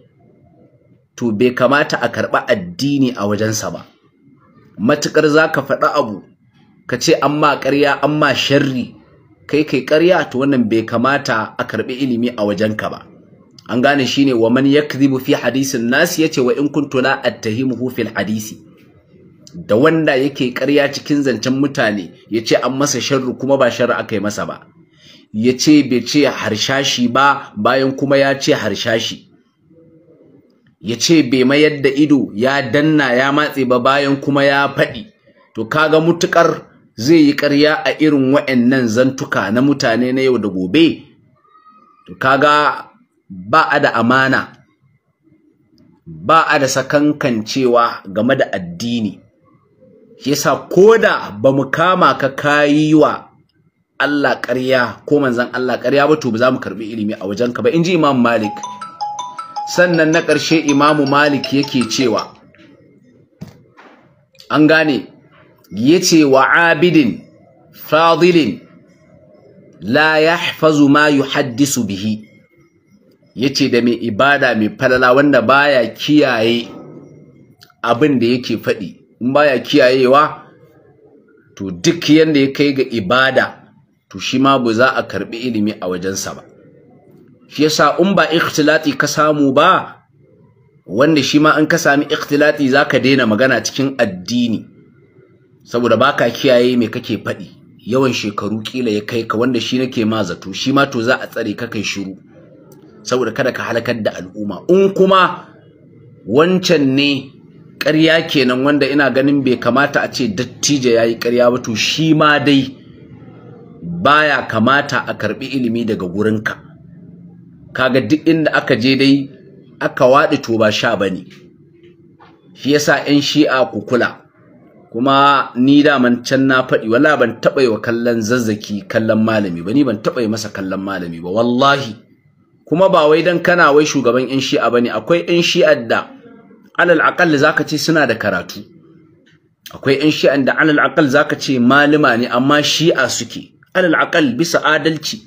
to bai kamata a karɓi addini a wajensa ba matukar ka faɗi abu ka ce an amma ƙarya ma sharri kai kai karya to wannan bai kamata a karɓi ilimi a wajenka ba an gane shine wa man yakdhibu fi hadisin nas yace wa in kuntu la attahimuhu fil hadisi da wanda yake karya cikin zancen mutane yace an masa sharru kuma ba sharri aka yi masa ba yace bai ce harshashi ba bayan kuma ya ce harshashi yace bai mayar da ido ya danna ya matse ba bayan kuma ya faɗi to kaga mutukar zai yi karya a irin wa'annan zantuka na mutane na yau da gobe to kaga ba a da amana ba a da sakankancewa game da addini yasa koda ba mu kama ka kayi wa Allah ƙarya ko manzon Allah ƙarya ba to ba za mu karbi ilimi a wajenka ba inji Imam Malik sannan na ƙarshe Imam Malik yake cewa an gane yace wa abidin fadilin la yahfazu ma yuhaddisu bihi yace da mai ibada mai falala wanda baya kiyaye abin da yake faɗi in baya kiyayewa to duk yadda ya kai ga ibada to shi ma ba za a karɓi ilimi a wajensa ba shi yasa in ba ikhtilati ka samu ba wanda shi ma an ka sami ikhtilati ka daina magana cikin addini saboda baka kiyaye me kake faɗi yawan shekaru kila ya kai ka wanda shi nake ma zato shi ma to za a tsare ka kai shiru saboda kada ka halakar da al'umma in kuma wancan ne ƙarya kenan wanda ina ganin bai kamata a ce dattijo ya yi ƙarya ba to shi ma dai baya kamata a karɓi ilimi daga gurinka kaga duk inda aka je dai aka waɗi to ba sha bane shi yasa 'yan shi'a ku kula kuma ni daman can na faɗi wala ban taɓa yi wa kallon zazzaki kallon malami ba ni ban taɓa yi masa kallon malami ba wallahi kuma ba wai dan kana wai shugaban yan shi'a bane akwai yan shi'ar da alal aqal zaka ce suna da karatu akwai yan shi'an da alal aqal zaka ce malama ne amma shi'a suke alal aqal bisa adalci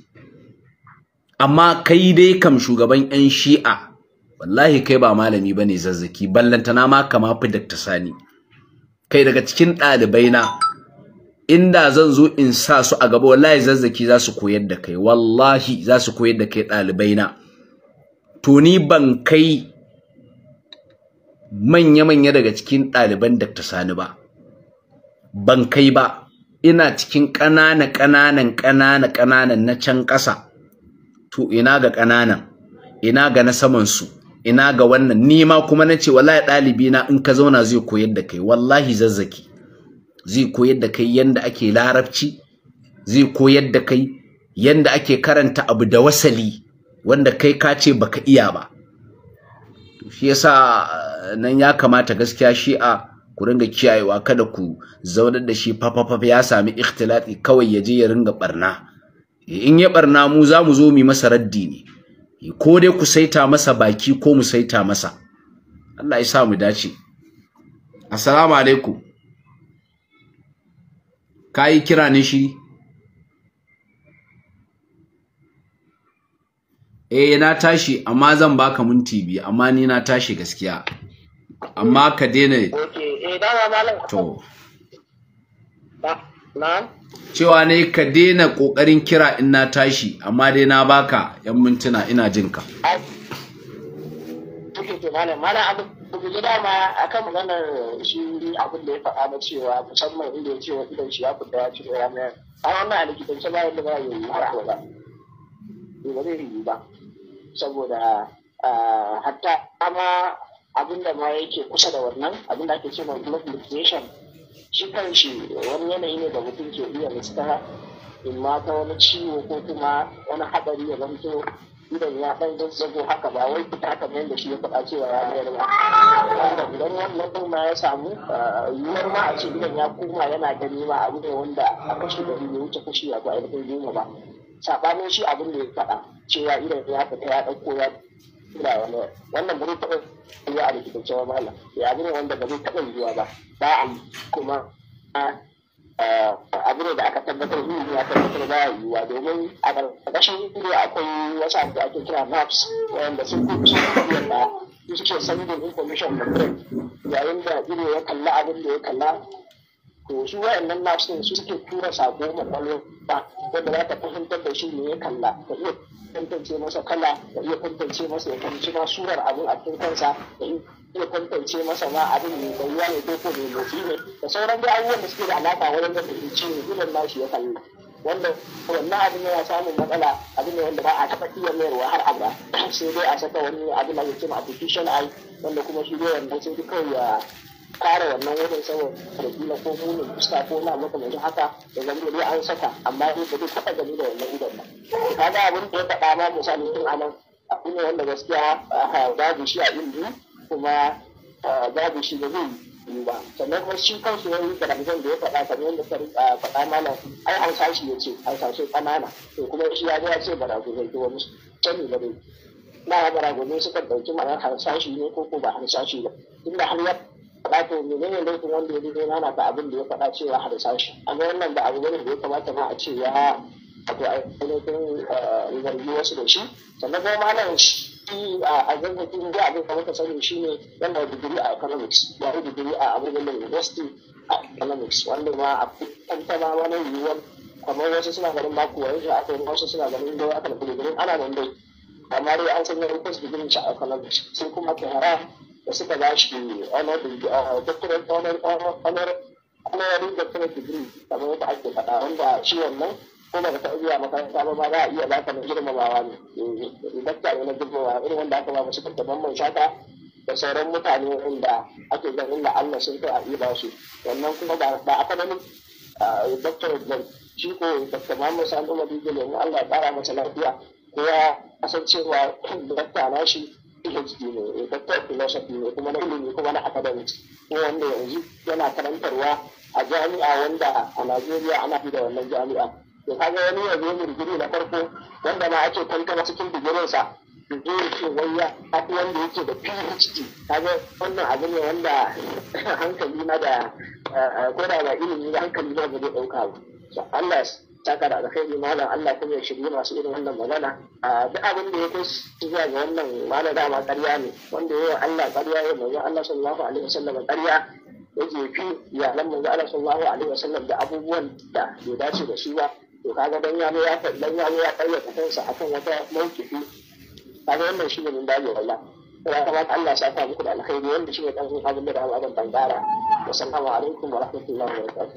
amma kai dai kam shugaban yan shi'a wallahi kai ba malami bane zazzaki ballantana ma kama fi daktasani sani kai daga cikin ɗalibai na inda zan zo in sa su a gaba wallahi zazzaki za su koyar da kai wallahi za su koyar da kai ɗalibai na to ni ban kai manya-manya daga cikin ɗaliban Dr. Sani ba ban kai ba ina cikin ƙanana ƙananan ƙanana kananan na can ƙasa to ina ga ƙananan ina ga na saman su ina ga wannan ni ma kuma nace wallahi dalibi na in ka zauna zai koyar da kai wallahi zazzaki zai koyar da kai yanda ake larabci zai koyar da kai yanda ake karanta abu da wasali wanda kai ka ce baka iya ba shi yasa eh, nan ya kamata gaskiya shi'a ku ringa kiyayewa kada ku zaunar da shi fafafaf ya sami ikhtilati kawai yaje ya ringa barna eh, in ya barna mu za mu zo mu masa raddi ne eh, ko dai ku saita masa baki ko mu saita masa Allah ya sa mu dace assalamu alaikum ka yi kira ne shi eh na tashi amma zan baka minti biyu amma ni na tashi gaskiya amma ka daina eh, to cewa ne ka daina ƙoƙarin kira in na tashi amma dai na baka yan mintuna ina jinka Bugu dama a kan maganar shi abin da ya faɗa na cewa musamman inda ya ce wa idan shi ya fita ya ya A wannan a likitance ba yadda ba ya yi har ba. Ba zai yi ba. Saboda hatta ama abin da ma yake kusa da wannan abin da ake ce ma blood liquidation shi shi wani yanayi ne da mutum ke iya riska in ma ta wani ciwo ko kuma wani haɗari ya zanto idan ya ɗan don tsago haka ba wai fita haka ne da shi ya faɗa cewa ya mayar ba wanda idan wannan ɗin ma ya samu ah, yiwuwar ma a ce idan ya koma yana gani ma abu ne wanda a kashe gari ya wuce kashe ya ba ainihin goma ba saɓanin shi abin da ya faɗa cewa idan ya fita ya ɗauko ya tura wani wannan ba zai taɓa yiwuwa a rikitaccen malam ya abu ne wanda ba zai taɓa yiwuwa ba ba a kuma ah, abu da aka tabbatar zuwa ne aka tabbatar ba yiwuwa domin a ƙarƙashin ido akwai wasu abu da ake kira maps wanda sun kuma su yadda suke sandin information da yayin da ido ya kalla abin da ya kalla to su wayannan labs su suke tura sako ma ba, wanda za ka fahimtar da shi ne ya kalla da iya tantance masa kala da iya tantance masa ya fahimci ma surar abin a cikin kansa da iya tantance masa ma abin da ruwa ne ko ko mai motsi ne da sauran dai abubuwan da suke da alaka wajen da fahimci ne ilan nashi ya kalla wanda wannan abin yana samun matsala abin ne wanda ba a taɓa iya mayarwa har abuwa, sai dai a saka wani abin da ce ma artificial eye wanda kuma shi dai wanda sai kawai ya kare wannan wurin saboda kila ko ne fuska ko na mai haka da zama ne an saka amma in ba zai taɓa gani da wannan idan ba kaga abin da ya faɗa ma misali tun nan a ne wanda gaskiya babu shi a indi kuma ah, babu shi da zai yi ba sannan kuma shi kansu wani karamzan da ya faɗa kamar yadda ta ah, faɗa mana ai an sashi ya ce an sashi ƙanana to kuma shi ya ga ce barago zai ki wani sani ba dai na barago ne suka ɗauki ma'anar harsashi ne ko ko ba harsashi ba inda har ya faɗa to menene laifin wanda ya zo yana da abin da ya faɗa cewa harsashi a ga wannan ba abu bane da ya kamata ma a ce ya wato ainihin eh, zargi wasu da shi sannan kuma malam shi a zargin da abin da muka sani shi ne yana digiri a economics ya yi digiri a abin da university a economics wanda ma a ba wani yiwuwar kamar wasu suna ganin mako wani aka yi wasu suna ganin da aka da digirin ana nan dai amma dai an san yarin kwas digirin shi a economics sai kuma ke hara da suka ba shi honorin uh, doctorate honorin uh, doctorate degree kamar yadda ake faɗa wanda ciwon nan ko ba ta taɓa zuwa makaranta ba ba za a iya ba ka na girmamawa ne eh, dakta ne na girmamawa irin wanda aka ba musu tattaban man shata da sauran mutane wanda ake zan inda Allah sun kai a iya ba su wannan kuma ba a kananin uh, doctorate ba shi ko dakta Muhammad Sani Umar Dijil yanzu Allah ya ƙara masa lafiya ko ya kasancewa dakta na shi PhD eh, ne doctor philosophy ne kuma na ilimi kuma na academics ko wanda yanzu yana karantarwa a jami'a wanda a Najeriya ana fi da wannan jami'a to kaga wani ya zo digiri na farko wanda ma ake tantama cikin digirinsa yanzu ya ce wai ya wanda yake da PhD kaga wannan abu ne wanda hankali na da eh, eh, ko da ba ilimi hankali na ba zai ɗauka ba Allah taka da alkhairi malam Allah kuma ya shirye masu irin wannan magana duk abin da ya kai zuwa ga wannan malam dama ƙarya ne wanda ya yi Allah ƙarya ya manzo Allah sallallahu alaihi wasallam ƙarya ya jefi lamma ga Allah sallallahu alaihi wasallam da abubuwan da bai dace da shi ba to kaga dan ya ya dan ya ya ƙaryata kansa akan wata mawkifi kaga wannan shi ne mun dage walla ya kamata Allah ya saka muku da alkhairi wanda shi ne dan abin da da ban bangara wassalamu alaikum wa rahmatullahi wa barakatuh